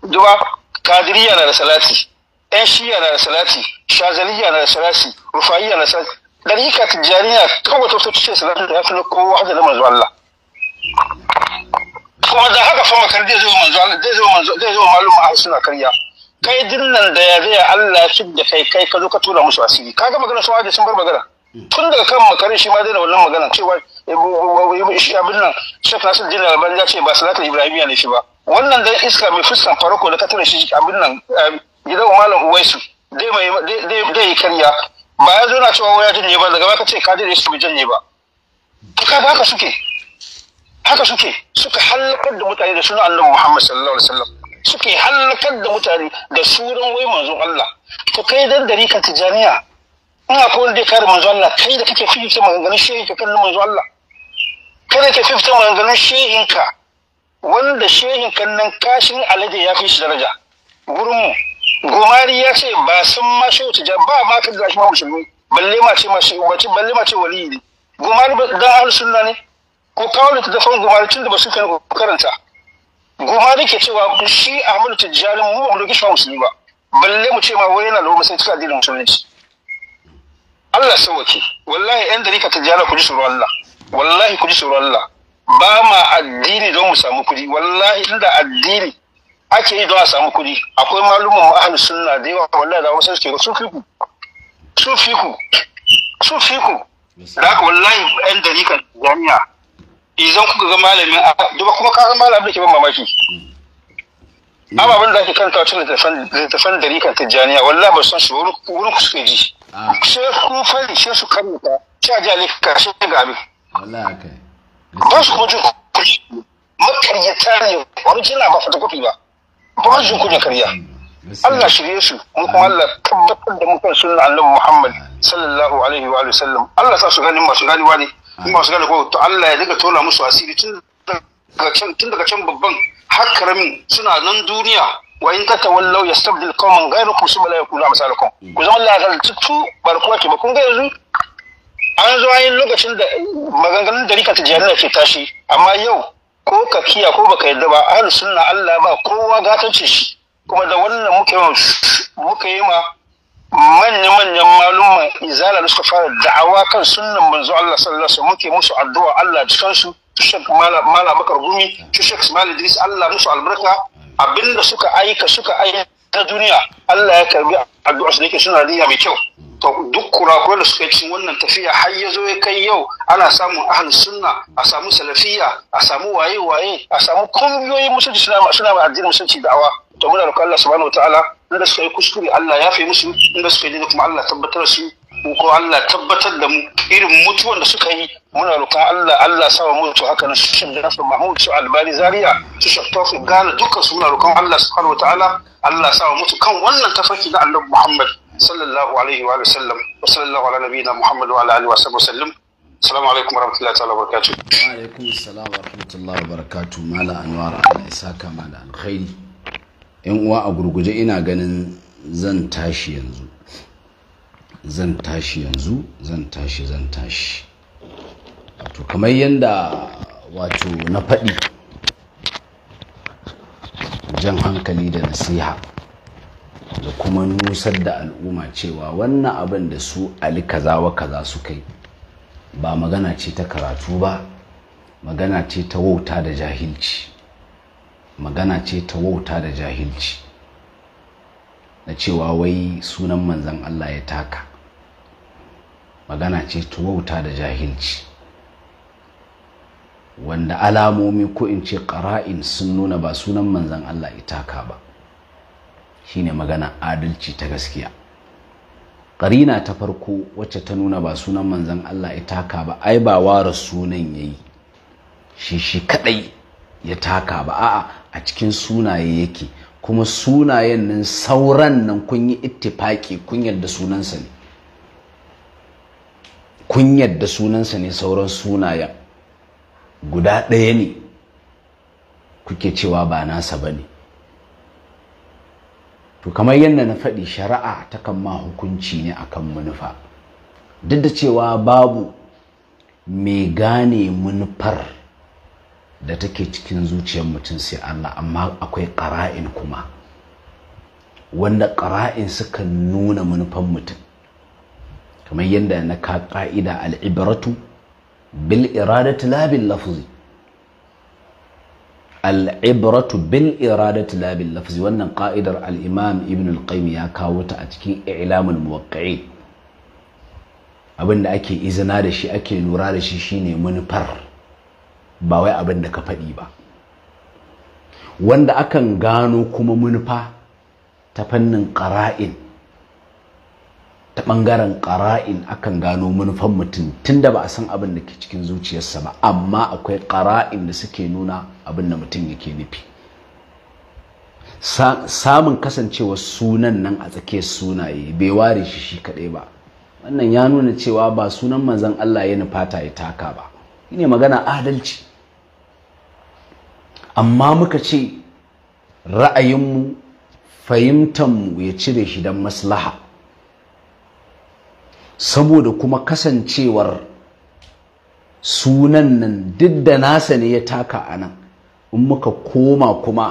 duba kadiriya na da salati ɗan shiya na da salati shazaliya na da salati rufayiya na da salati Da tijjani kawai ta so ce salati da ya fi kowa da manzon Allah kuma da haka fa makar zai zo manzo zai zo manzo zai zo malum ahli suna karya kai dinnan da ya zai Allah shi da kai kai ka zo ka tura musu asiri kaga magana sun haɗe sun bar magana tun daga kan makarin shi ma zai da wannan magana cewa eh, shi abin nan shek nasir jina alban ya ce ba salatul ibrahimiya ne shi ba wannan dai iska mai fuskan farko da katarin shi abin nan eh, gidan malam uwaisu dai yi karya ba ya zo na cewa waya janye ba daga ba ka ce ka janye su bai janye ba ka ba haka suke haka suke suka halakar da mutane da sunan annabi Muhammad sallallahu alaihi wasallam suke halakar da mutane da sunan wai manzon Allah to kai dan dari ka tijaniya ina ko wanda kare manzon Allah kai da kake fifita maganganun shehin ka kallon manzon Allah kai da kake fifita maganganun shehin ka wanda shehin kan nan kashin alade ya fi shi daraja gurin mu. Gumari ya ce ba san ma shehu tijani ba ma ka da shi ma musulmi balle ma ce ma shehu balle ma ce wali ne gomari da ahlus sunna ne ku kawo littattafan gumari tun da ba su kan ku karanta gumari ke cewa shi ahmadu tijjani mu ba mu dauki shi musulmi ba balle mu ce ma wai yana da musulmi cika addinin musulunci Allah sauke wallahi yan dalika tijjani ku ji tsoro Allah wallahi ku ji tsoro Allah ba ma addini don mu samu kuɗi wallahi inda addini ake yi don a samu kuɗi akwai malumin mu ahlus sunna da yawa wallahi da wasu suke su fiku su fiku su fiku da haka wallahi yan dalika jami'a idan kuka ga malamin a duba kuma ka malamin da ke ban mamaki mm. ababen da ake kanta tun da da dari kan tijjaniya wallahi ba san su wuri ku suke ji ah. sai ku fari sai su karanta sai ji alika sai ga abin wallahi ba su kuma jin kuɗi makaryata ne original ba kofi ba ba su jin kuɗin karya mm. Allah shirye su mu kuma Allah tabbatar da kan sunan annabi Muhammad sallallahu alaihi wa sallam Allah sa su gani masu ganiwa ne kuma su gane ko to Allah ya daga tola musu asiri tun daga can babban har karamin suna nan duniya wa in kawai yastabdil qawman ghayrakum thumma la yakunu amsalakum hmm. ku zama Allah ya tuttu barkuwa ke ba kun ga yanzu an zo ayin lokacin da maganganun dariƙa ta jihar ke tashi amma yau ko ka kiya ko baka yadda ba ahlus suna Allah ba kowa gatanci shi kuma da wannan muke muka yi ma manya-manyan maluma izala da suka fara da'awa kan sunnan manzo Allah sallallahu muke musu addu'a Allah cikin su shek mala bakar gumi shek ismail idris Allah musu albarka abinda suka aika suka aika ta duniya Allah ya karbi addu'a su da yake suna niyya mai kyau duk kurakuran da suka cikin wannan tafiya har ya zo ya kai yau ana samun ahal sunna a samu salafiyya a samu waye waye a samu kungiyoyin musulunci suna ma addinin musulunci da'awa to muna roƙon Allah subhanahu wataala inda suka yi kuskure Allah ya fi musu inda suka yi kuma Allah tabbatar su mu ko Allah tabbatar da mu irin mutuwan da suka yi muna roƙon Allah Allah sawa mu to haka su shin da nasu Mahmud su Albani Zaria su Shaftafu Ghana dukkan su muna roƙon Allah subhanahu wataala Allah sawa mutu kan wannan tafarki na Annabi Muhammad sallallahu alaihi wa sallam wa sallallahu ala nabiyina muhammad wa ala alihi wa sallam assalamu alaikum warahmatullahi ta'ala barakatuh wa alaikum assalam wa rahmatullahi wa barakatuh mala anwar ala isaka mala alkhairi yan uwa a gurguje ina ganin zan tashi yanzu zan tashi yanzu zan tashi zan tashi to kamar yadda wato na faɗi jan hankali da nasiha da kuma nusar da al'umma cewa wannan abin da su ali kaza wa kaza su kai ba magana ce ta karatu ba magana ce ta wauta da jahilci magana ce ta wauta da jahilci na cewa wai sunan manzan Allah ya taka magana ce ta wauta da jahilci wanda alamomi ko in ce ƙara'in sun nuna ba sunan manzan Allah ya taka ba shine magana adalci ta gaskiya ƙarina ta farko wacce ta nuna ba sunan manzan Allah ya taka ba ai ba wara sunan yayi yi shi shi kadai ya taka ba a'a a cikin sunaye yake kuma sunayen nan sauran nan kun yi ittifaki kun yarda sunansa ne kun yarda sunansa ne sauran sunayen guda ɗaya ne kuke cewa ba nasa ba ne to kamar yadda na faɗi shari'a takan ma hukunci ne akan manufa duk da cewa babu mai gane manufar da take cikin zuciyar mutum sai Allah amma akwai ƙara'in kuma wanda ƙara'in suka nuna manufan mutum kamar yadda na ka ƙa'ida al'ibaratu, bil iradatu la bil lafzi al'ibratu bil iradati la bil lafzi wannan ka'idar al-imam ibn al-qayyim ya kawo ta a cikin i'lamul muwaqqi'in abin da ake izina da shi ake lura da shi shine manufar ba wai abin da ka faɗi ba wanda akan gano kuma manufa ta fannin ƙara'in ta ɓangaren ƙara'in akan gano manufan mutum tunda ba a san abin da ke cikin zuciyarsa ba amma akwai ƙara'in da suke nuna abin da mutum yake nufi samun kasancewa sunan nan a tsakiyar sunaye bai ware shi shi kaɗai ba wannan ya nuna cewa ba sunan manzon Allah ya nufata ya taka ba ne magana adalci amma muka ce ra'ayinmu fahimtanmu ya cire shi don maslaha saboda kuma kasancewar sunan nan duk da nasa ne ya taka a nan in muka koma kuma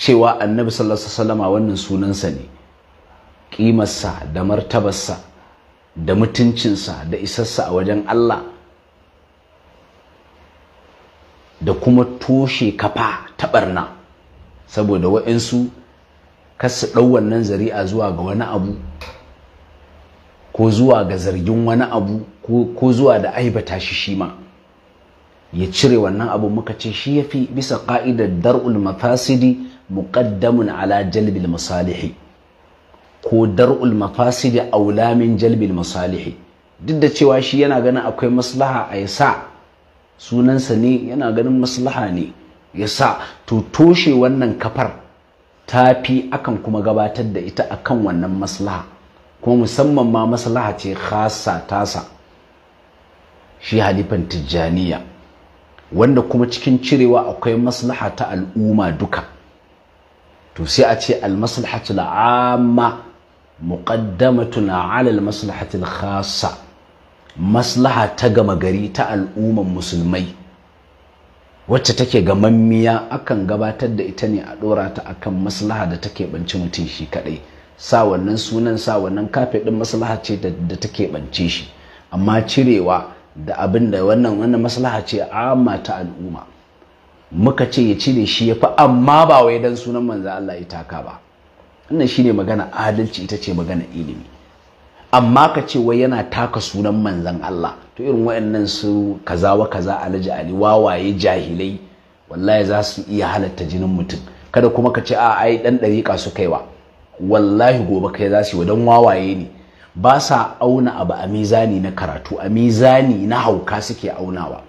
cewa annabi sallallahu alaihi wasallama wannan sunansa ne ƙimarsa da martabarsa da mutuncinsa da isarsa a wajen Allah da kuma toshe kafa ta barna saboda waɗansu kar su ɗau wannan zari'a zuwa ga wani abu ko zuwa ga zargin wani abu ko zuwa da aibata shi shi ma ya cire wannan abu muka ce shi ya fi bisa ƙa'idar dar'ul mafasidi muqaddamun ala jalbil masalihi ko dar'ul mafasidi aula min jalbil masalihi duk da cewa shi yana ganin akwai maslaha a ya sa sunansa ne yana ganin maslaha ne ya sa to toshe wannan kafar tafi akan kuma gabatar da ita akan wannan maslaha kuma musamman ma maslaha ce khasa tasa shi halifan tijjaniya wanda kuma cikin cirewa akwai maslaha ta al'umma duka to sai a ce almaslahatul amma muqaddamatun ala almaslahatul khassa maslaha ta gama gari ta al'umman musulmai wacce take gamammiya akan gabatar da ita ne a ɗorata ta akan maslaha da take banci mutum shi kaɗai sa wannan sunan sa wannan kafe ɗin maslaha ce da take bance shi amma cirewa da abin da wannan wannan maslaha ce amma ta al'umma muka ce ya cire shi ya fi amma ba wai dan sunan manzo Allah ya taka ba wannan shine magana adalci ita ce magana ilimi amma ka ce wai yana taka sunan manzan Allah to irin waɗannan su kaza wa kaza alaji ali wawaye jahilai wallahi za su iya halatta jinin mutum kada kuma ka ce a ai dan dariƙa su kaiwa wallahi gobe kai za su yi don wawaye ne ba sa auna abu a mizani na karatu a mizani na hauka suke aunawa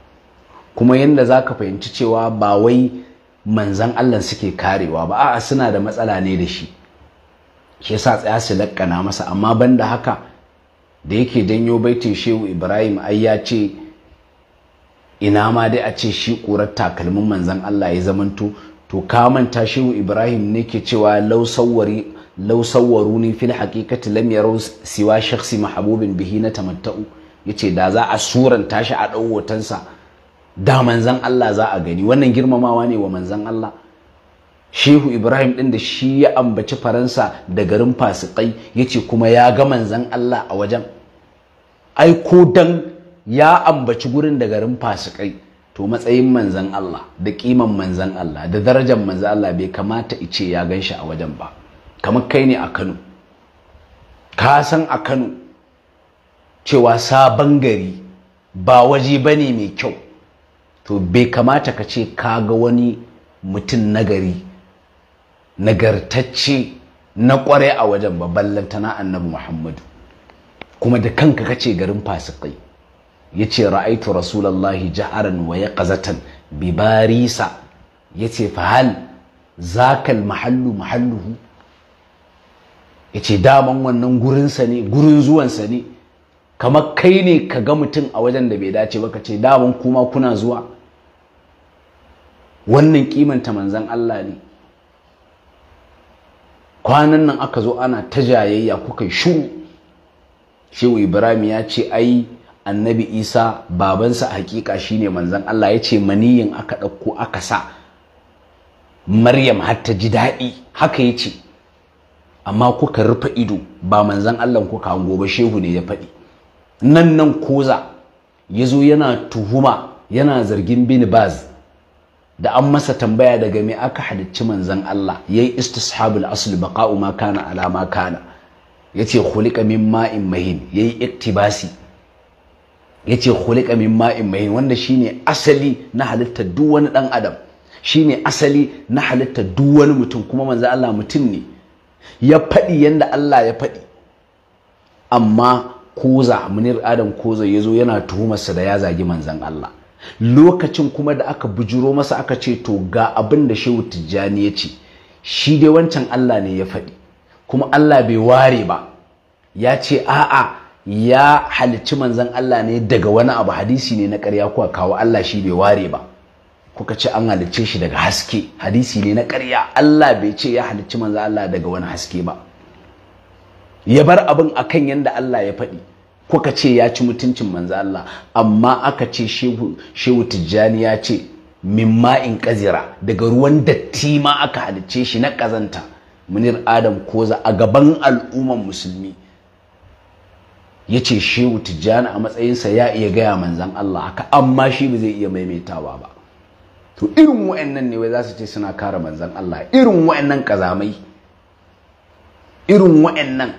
kuma yanda za ka fahimci cewa ba wai manzan Allah suke karewa ba a'a suna da matsala ne da shi shi yasa tsaya su lakkana masa amma banda haka da yake janyo baitin shehu ibrahim ai ya ce ina ma dai a ce shi ƙurar takalmin manzan allah ya zamanto to ka manta shehu ibrahim ne ke cewa lausawari ne ni fil haqiqati lam yaraw siwa shakhsi mahabobin bihi na tamatta'u yace da za a suranta tashi a dau da manzan Allah za a gani wannan girmamawa ne wa manzan Allah Shehu Ibrahim ɗin da shi ya ambaci Faransa da garin fasikai yace kuma ya ga manzan Allah a wajen ai ko dan ya ambaci gurin da garin fasikai to matsayin manzan Allah da kiman manzan Allah da darajar manzan Allah bai kamata ice ya gan shi a wajen ba kamar kai ne a Kano ka san a Kano cewa sabon gari ba waje bane mai kyau to bai kamata ka ce ka ga wani mutum nagari nagartacce na ƙwarai a wajen ba ballantana annabi Muhammadu kuma da kanka kace garin fasikai ce, ra'aitu rasulullahi jaharan wa ya ƙazatan, Bibarisa, yace fahal hal zakal mahallu mahalluhu ce, daman wannan gurinsa ne gurin zuwansa ne kama kai ne ka ga mutum a wajen da bai dace ba ka ce daman kuma kuna zuwa wannan kimanta manzan Allah ne kwanan nan aka zo ana ta jayayya kuka shuru shehu ibrahim ya ce ai annabi isa babansa hakika shine manzon Allah ya ce maniyin aka ɗauko aka sa maryam har ta ji daɗi haka ya ce amma kuka rufe ido ba manzon Allah kuka hango ba shehu ne ya faɗi nan nan koza ya zo yana tuhuma yana zargin bin baz da an masa tambaya daga me aka halicci manzon Allah yayi istishabul asul baka'u ma kana ala kana yace khulika min ma'in mahin yi iktibasi yace khulika min ma'in mahin wanda shine asali na halitta duk wani dan adam shine asali na halitta duk mutum kuma manzo Allah mutum ne ya faɗi yanda Allah ya faɗi amma koza munir adam koza zo yana tuhumarsa da ya zagi manzan Allah lokacin kuma da aka bujuro masa aka ce to ga abin da shehu tijjani ya ce shi dai wancan Allah ne ya faɗi kuma Allah bai ware ba ya ce a'a ya halicci manzan Allah ne daga wani abu hadisi ne na ƙarya kuwa kawo Allah shi bai ware ba kuka ce an halicce shi daga haske hadisi ne na karya Allah bai ce ya halicci manzan Allah daga wani haske ba ya bar abin akan yanda Allah ya faɗi kuka ce ya ci mutuncin manzan Allah amma aka ce shehu tijjani ya ce min ma'in ƙazira daga ruwan datti ma aka halicce shi na ƙazanta munir adam koza a gaban al'umman musulmi ya ce shehu tijjani a matsayinsa ya iya gaya manzan Allah haka amma shi ba zai iya maimaitawa ba to irin wa'annan ne wai za su ce suna kare manzan Allah irin wa'annan kazamai irin wa'annan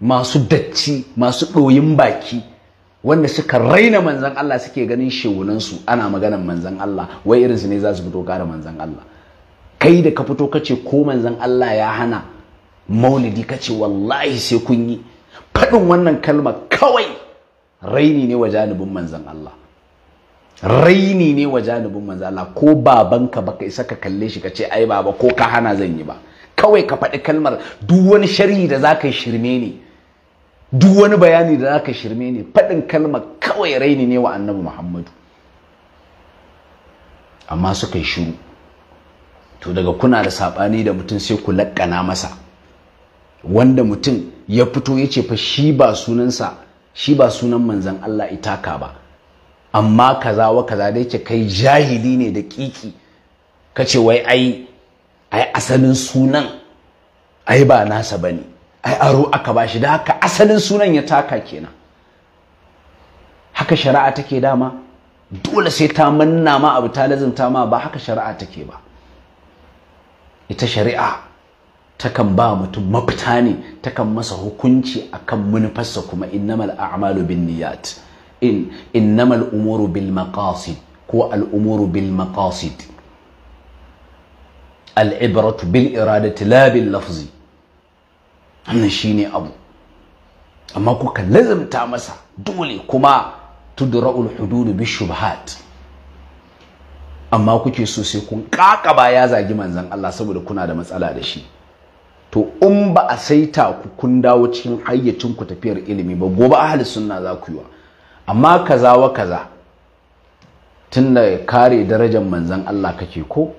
masu dacci masu ɗoyin baki wanda suka raina manzan Allah suke ganin shewunansu ana maganan manzan Allah wai irinsu ne za su fito kare manzan Allah kai da ka fito ka ce ko manzan Allah ya hana maulidi ce wallahi sai kun yi faɗin wannan kalma kawai raini ne wa janibin manzan Allah raini ne wa janibin manzan Allah ko babanka ba ka isa ka kalle shi ka ce ai baba ko ka hana zan yi ba kawai ka faɗi kalmar duk wani sharhi da za ka shirme ne duk wani bayani da za ka shirme ne faɗin kalma kawai raini ne wa annabi Muhammadu amma suka yi shiru to daga kuna da saɓani da mutum sai ku laƙana masa wanda mutum ya fito ya ce fa shi ba sunansa shi ba sunan manzan Allah itaka ba amma kaza wa kaza da yake kai jahili ne da kiki ce wai ai ai asalin sunan ai ba nasa bane ai aro aka ba shi. da haka asalin sunan ya taka kenan haka shari'a take dama dole sai ta manna ma abu ta lazimta ma ba haka shari'a take ba ita shari'a takan ba mutum mafita ne takan masa hukunci akan manufarsa kuma innamal a'malu bin niyat in innamal umuru bil maqasid ko al umuru bil maqasid al ibratu bil iradati la bil lafzi wannan shine abu amma kuka lazimta masa dole kuma tudra'ul hududu bi shubhat amma kuke so sai kun kakaba ya zagi manzon Allah saboda kuna da matsala da shi to in ba a saita ku kun dawo cikin hayyacin ku tafiyar ilimi ba gobe ahli sunna za ku yi wa amma kaza wa kaza tunda kare darajar manzon Allah kake ko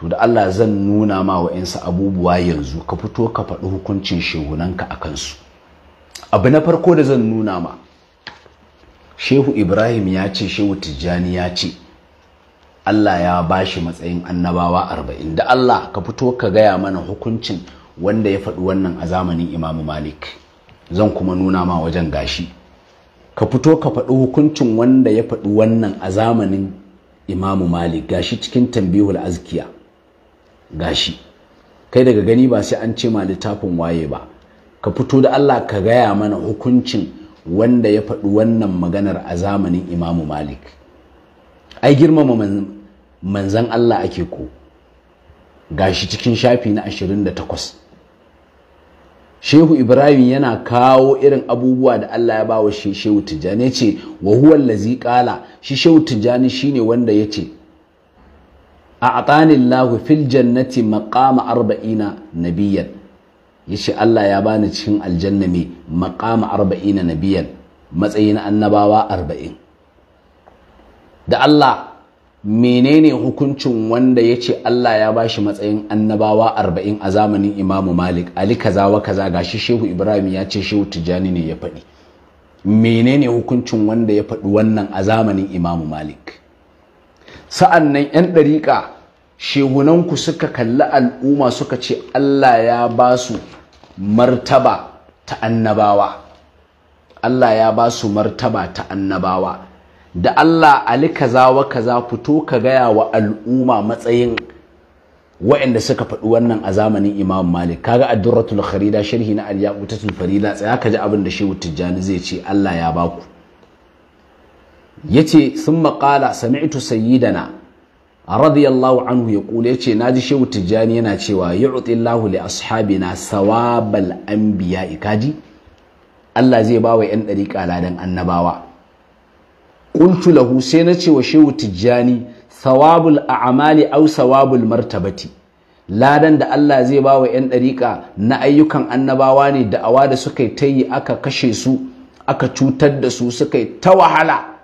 to da Allah zan nuna ma wa'insu abubuwa yanzu ka fito ka faɗi hukuncin shehunanka a kansu abu na farko da zan nuna ma shehu ibrahim ya ce shehu tijjani ya ce Allah ya bashi matsayin annabawa arba'in da Allah ka fito ka gaya mana hukuncin wanda ya faɗi wannan a zamanin imamu malik zan kuma nuna ma wajen gashi ka fito ka faɗi hukuncin wanda ya faɗi wannan a zamanin imamu malik gashi cikin tambihul azkiya gashi kai daga gani ba sai an ce ma littafin waye ba ka fito da Allah ka gaya mana hukuncin wanda ya faɗi wannan maganar a zamanin imamu malik ai girmama manzan Allah ake ko shi cikin shafi na 28 shehu ibrahim yana kawo irin abubuwa da Allah ya ba wa shi shehu tijjani ya ce wa huwa lazi shi shehu tijjani shine wanda ya ce a atanillahu fil jannati maqama arba'ina nabiyan ya ce Allah ya bani cikin aljanna mai maqama arba'ina nabiyan matsayin annabawa arba'in da Allah menene hukuncin wanda ya ce Allah ya ba shi matsayin annabawa arba'in a zamanin imamu malik ali kaza wa kaza gashi shehu ibrahim ya ce shehu tijjani ne ya faɗi menene hukuncin wanda ya faɗi wannan a zamanin imamu malik sa'an nan 'yan ɗariƙa shehunanku suka kalli al'umma suka ce Allah ya ba martaba ta annabawa Allah ya ba su martaba ta annabawa da Allah ali kaza wa kaza fito ka gaya wa al'umma matsayin waɗanda suka faɗi wannan a zamanin Imam Malik kaga Ad-Durratul Kharida sharhi na Al-Yaqutatul Farida tsaya ka ji abin da Shehu Tijjani zai ce Allah ya baku yace thumma qala sami'tu sayyidana radiyallahu anhu ya yaqulu yace naji Shehu Tijjani yana cewa yu'ti Allahu li ashabina sawabal anbiya'i kaji Allah zai bawa 'yan ɗariƙa ladan annabawa qultu lahu sai na ce wa shehu tijjani a a'mali au sawabul martabati ladan da Allah zai ba wa 'yan ɗariƙa na ayyukan annabawa ne awa da suka yi ta yi aka kashe su aka cutar da su suka yi ta wahala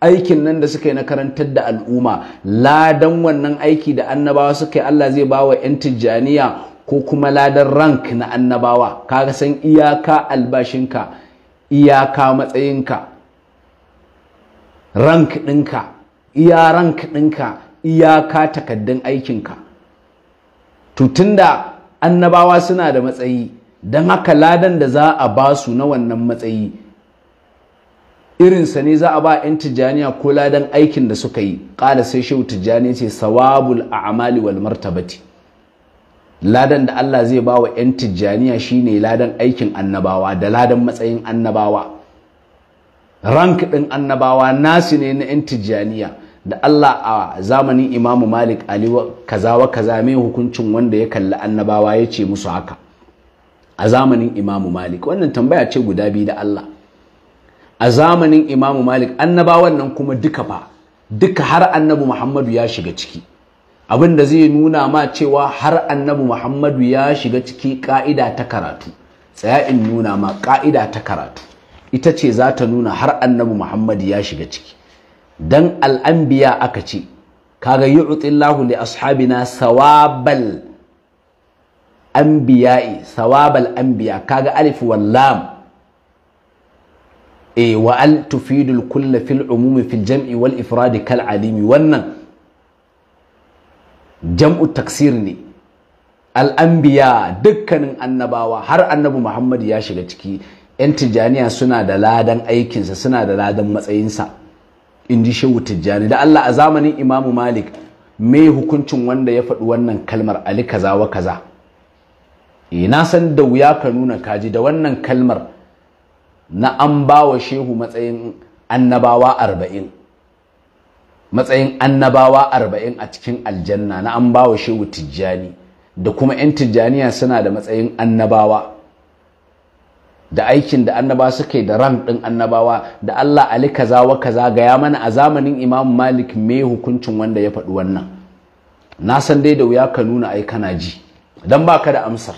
aikin nan da suka yi na karantar da al'umma ladan wannan aiki da annabawa suka yi Allah zai ba wa 'yan tijjaniya ko kuma ladan rank na annabawa kaga san iyaka albashinka iyaka matsayinka rank ɗinka iya rank ɗinka iyaka takaddun aikinka to tunda annabawa suna da matsayi don haka ladan da za a ba su na wannan matsayi irinsa ne za a ba 'yan tijjaniya ko ladan aikin da suka yi ƙada sai shehu tijjani ce sawabul a'mali wal martabati ladan da Allah zai ba wa 'yan tijjaniya shine ladan aikin annabawa da ladan matsayin annabawa rank ɗin annabawa nasu ne na 'yan tijjaniya da Allah a zamanin imamu malik ali kaza wa kaza mai hukuncin wanda ya kalli annabawa ya ce musu haka a zamanin imamu malik wannan tambaya ce guda biyu da Allah a zamanin imamu malik annabawan nan kuma duka fa duka har annabu muhammadu ya shiga ciki abin da zai nuna ma cewa har annabu muhammadu ya shiga ciki ka'ida ta karatu tsaya in nuna ma ka'ida ta karatu ita ce za ta nuna har annabi Muhammad ya shiga ciki dan al'anbiya aka ce kaga yu'tillahu li ashabina sawabal anbiya'i sawabal anbiya kaga alif wal lam e wa al tufidul kull fil umum fil jam'i wal ifrad kal alimi wannan jam'u taksir ne al anbiya dukkanin annabawa har annabi Muhammad ya shiga ciki 'yan tijjaniya suna da ladan aikinsa suna da ladan matsayinsa in ji shehu tijjani da Allah a zamanin imamu malik me hukuncin wanda ya faɗi wannan kalmar ali kaza wa kaza eh, na san da wuya ka nuna kaji da wannan kalmar na an ba wa shehu matsayin annabawa arba'in matsayin annabawa arba'in a cikin aljanna na an ba wa shehu tijjani da kuma 'yan tijjaniya suna da matsayin annabawa da aikin da annaba suka yi da rang ɗin annabawa da Allah ali kaza wa kaza gaya mana a zamanin Imam Malik me hukuncin wanda ya faɗi wannan na san dai da wuya ka nuna ai kana ji dan baka da amsar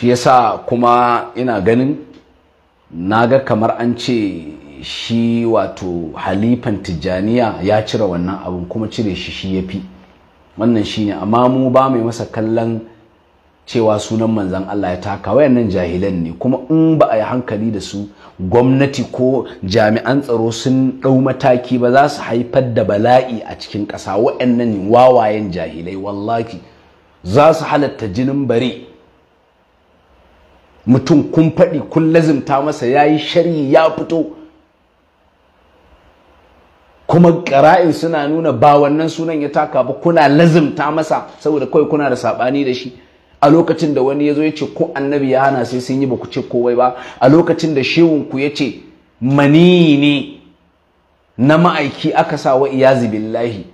shi yasa kuma ina ganin naga kamar an ce shi wato halifan tijjaniya ya cire wannan abun kuma cire shi shi yafi wannan shine amma mu ba mai masa kallon cewa sunan manzan Allah ya taka wayannan jahilan ne kuma in ba a yi hankali da su gwamnati ko jami'an tsaro sun ɗau mataki ba za su haifar da bala'i a cikin ƙasa wayannan wawayen jahilai wallahi za su halatta jinin bare mutum kun faɗi kun lazimta masa ya yi shari'i ya fito kuma ƙara'in suna nuna ba wannan sunan ya taka ba kuna lazimta masa saboda kawai kuna da saɓani da shi a lokacin da wani ya zo ya ce ko annabi ya hana sai sun yi ba ku ce kowai ba a lokacin da shehunku ya ce maniyi ne na ma'aiki aka sa wa iyazi billahi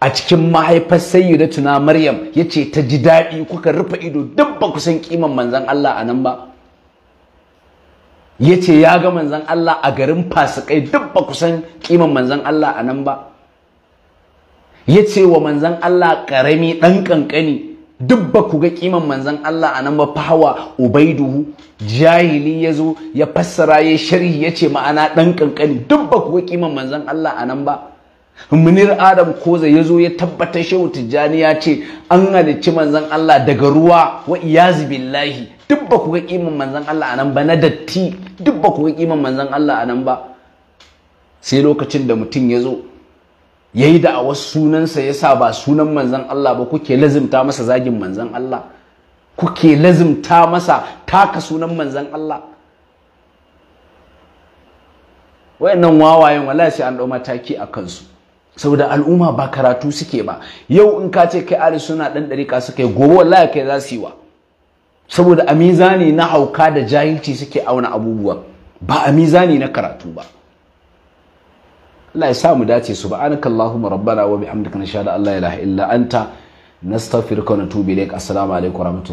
a cikin mahaifar tuna maryam ya ce ta ji daɗi kuka rufe ido duk ba ku san kiman manzan Allah a nan ba ya ce ya ga manzan Allah a garin fasikai duk ba ku san kiman manzan Allah a nan ba ya ce wa manzan Allah ƙarami ɗan ƙanƙani duk ba ku ga kiman manzan Allah a nan ba fawa ubaiduhu jahili ya zo ya fassara ya sharhi ya ce ma'ana ɗan ƙanƙani duk ba ku ga kiman manzan Allah a nan ba munir adam koza ya zo ya tabbata shehu tijjani ya ce an halicci manzan Allah daga ruwa wa iyazi billahi duk ku ga kiman manzan Allah a nan ba na datti duk ba ku ga kiman manzan Allah a nan ba sai lokacin da mutum ya zo ya yi wasu sunansa ya sa ba sunan manzan Allah ba kuke lazimta masa zagin manzan Allah kuke lazimta masa taka sunan manzan Allah wayannan wawayen wallahi sai an dau mataki a kansu saboda al'umma ba karatu suke ba yau in ka ce kai ari suna dan dariƙa suka yi gobe wallahi kai za su yi wa saboda a mizani na hauka da jahilci suke auna abubuwa ba a mizani na karatu ba Allah ya sa mu dace subhanaka allahumma rabbana wa bihamdika nashhadu an la ilaha illa anta nastaghfiruka wa natubu ilaik assalamu alaikum wa rahmatullahi